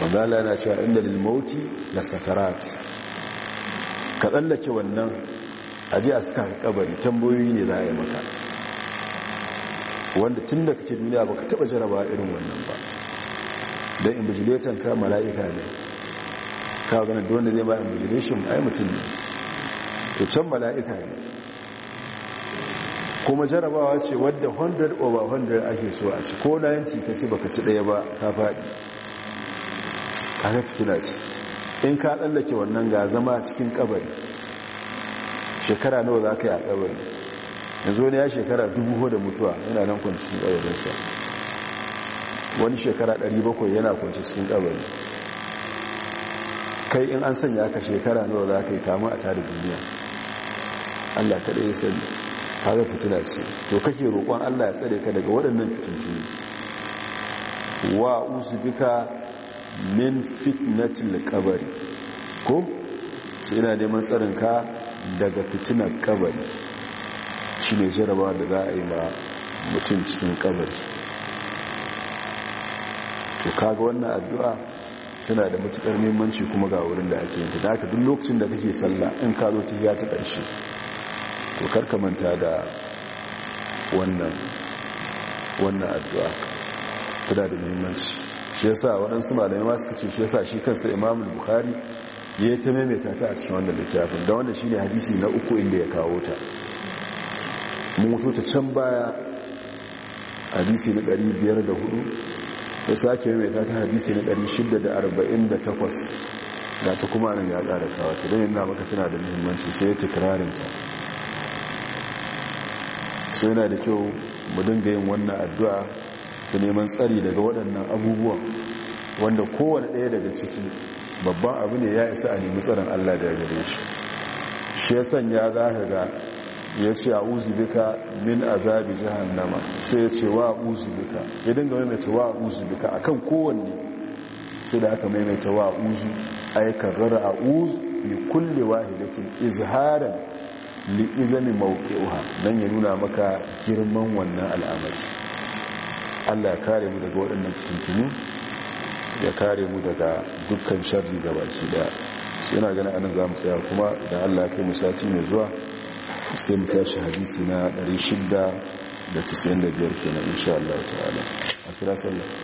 wanda yana cewa inda lil mauti sakarat ka tsallake wannan aji a saka kabari tambayoyi ne za a yi maka wanda tun da kake duniya ba ka taɓa jaraba irin wannan ba don invigilatan ka mala'ika ne ka gana da wanda zai ba invigilation ai mutum ne to can mala'ika ne kuma jarabawa ce wadda 100 over 100 ake so a ci ko 90 ka ci baka ci ɗaya ba ka faɗi a haifi fitina ci in ka tsallake wannan ga zama cikin kabari shekara nawa za ka yi a kabari yanzu wani ya shekara dubu da mutuwa yana nan kwanci cikin ƙabarinsa wani shekara 700 yana kwanci cikin ƙabari kai in an sanya aka shekara nawa za ka yi kama a tare duniya allah ta ɗaya sani ta fitina ce to kake roƙon allah ya tsare ka daga waɗannan fitintuni wa usufika min fitnatil kabari ko ce ina neman tsarin ka daga fitinar kabari shi ne jarabawa da za a yi ma mutum cikin kabari to kaga wannan addu'a tana da matukar muhimmanci kuma ga wurin da ake yanta da haka duk lokacin da kake sallah in ka zo tafiya ta ƙarshe to karka manta da wannan wannan addu'a tana da muhimmanci shi yasa waɗansu malamai ma suka ce shi yasa shi kansa Imam Bukhari ya ta maimaita ta a cikin wannan littafin da wannan shine hadisi na uku inda ya kawo ta mutu ta can baya hadisi na 504 ta sake mai ta hadisi na 648 ga ta kuma nan ya ƙara kawata don yana maka tana da muhimmanci sai ya ta sai yana da kyau mu dinga yin wannan addu'a ta neman tsari daga waɗannan abubuwan wanda kowane ɗaya daga ciki babban abu ne ya isa a nemi tsarin allah da ya gare shi shi ya sanya za ka ga ya ce a uzubika min azabi nama sai ya ce wa uzubika ya dinga maimaita wa uzubika a kan kowanne sai da aka maimaita wa uzu a yi karrara a uzu bi kulle wahidatin izharan liizami izami uha. ya nuna maka girman wannan al'amari Allah ya kare mu daga waɗannan tuntunu ya kare mu daga dukkan sharri gaba ki da yana gani anan mu tsaya kuma da Allah ya kai mu sati mai zuwa sai mu tashi hadisi na 695 kenan insha Allah ta'ala a kira sallah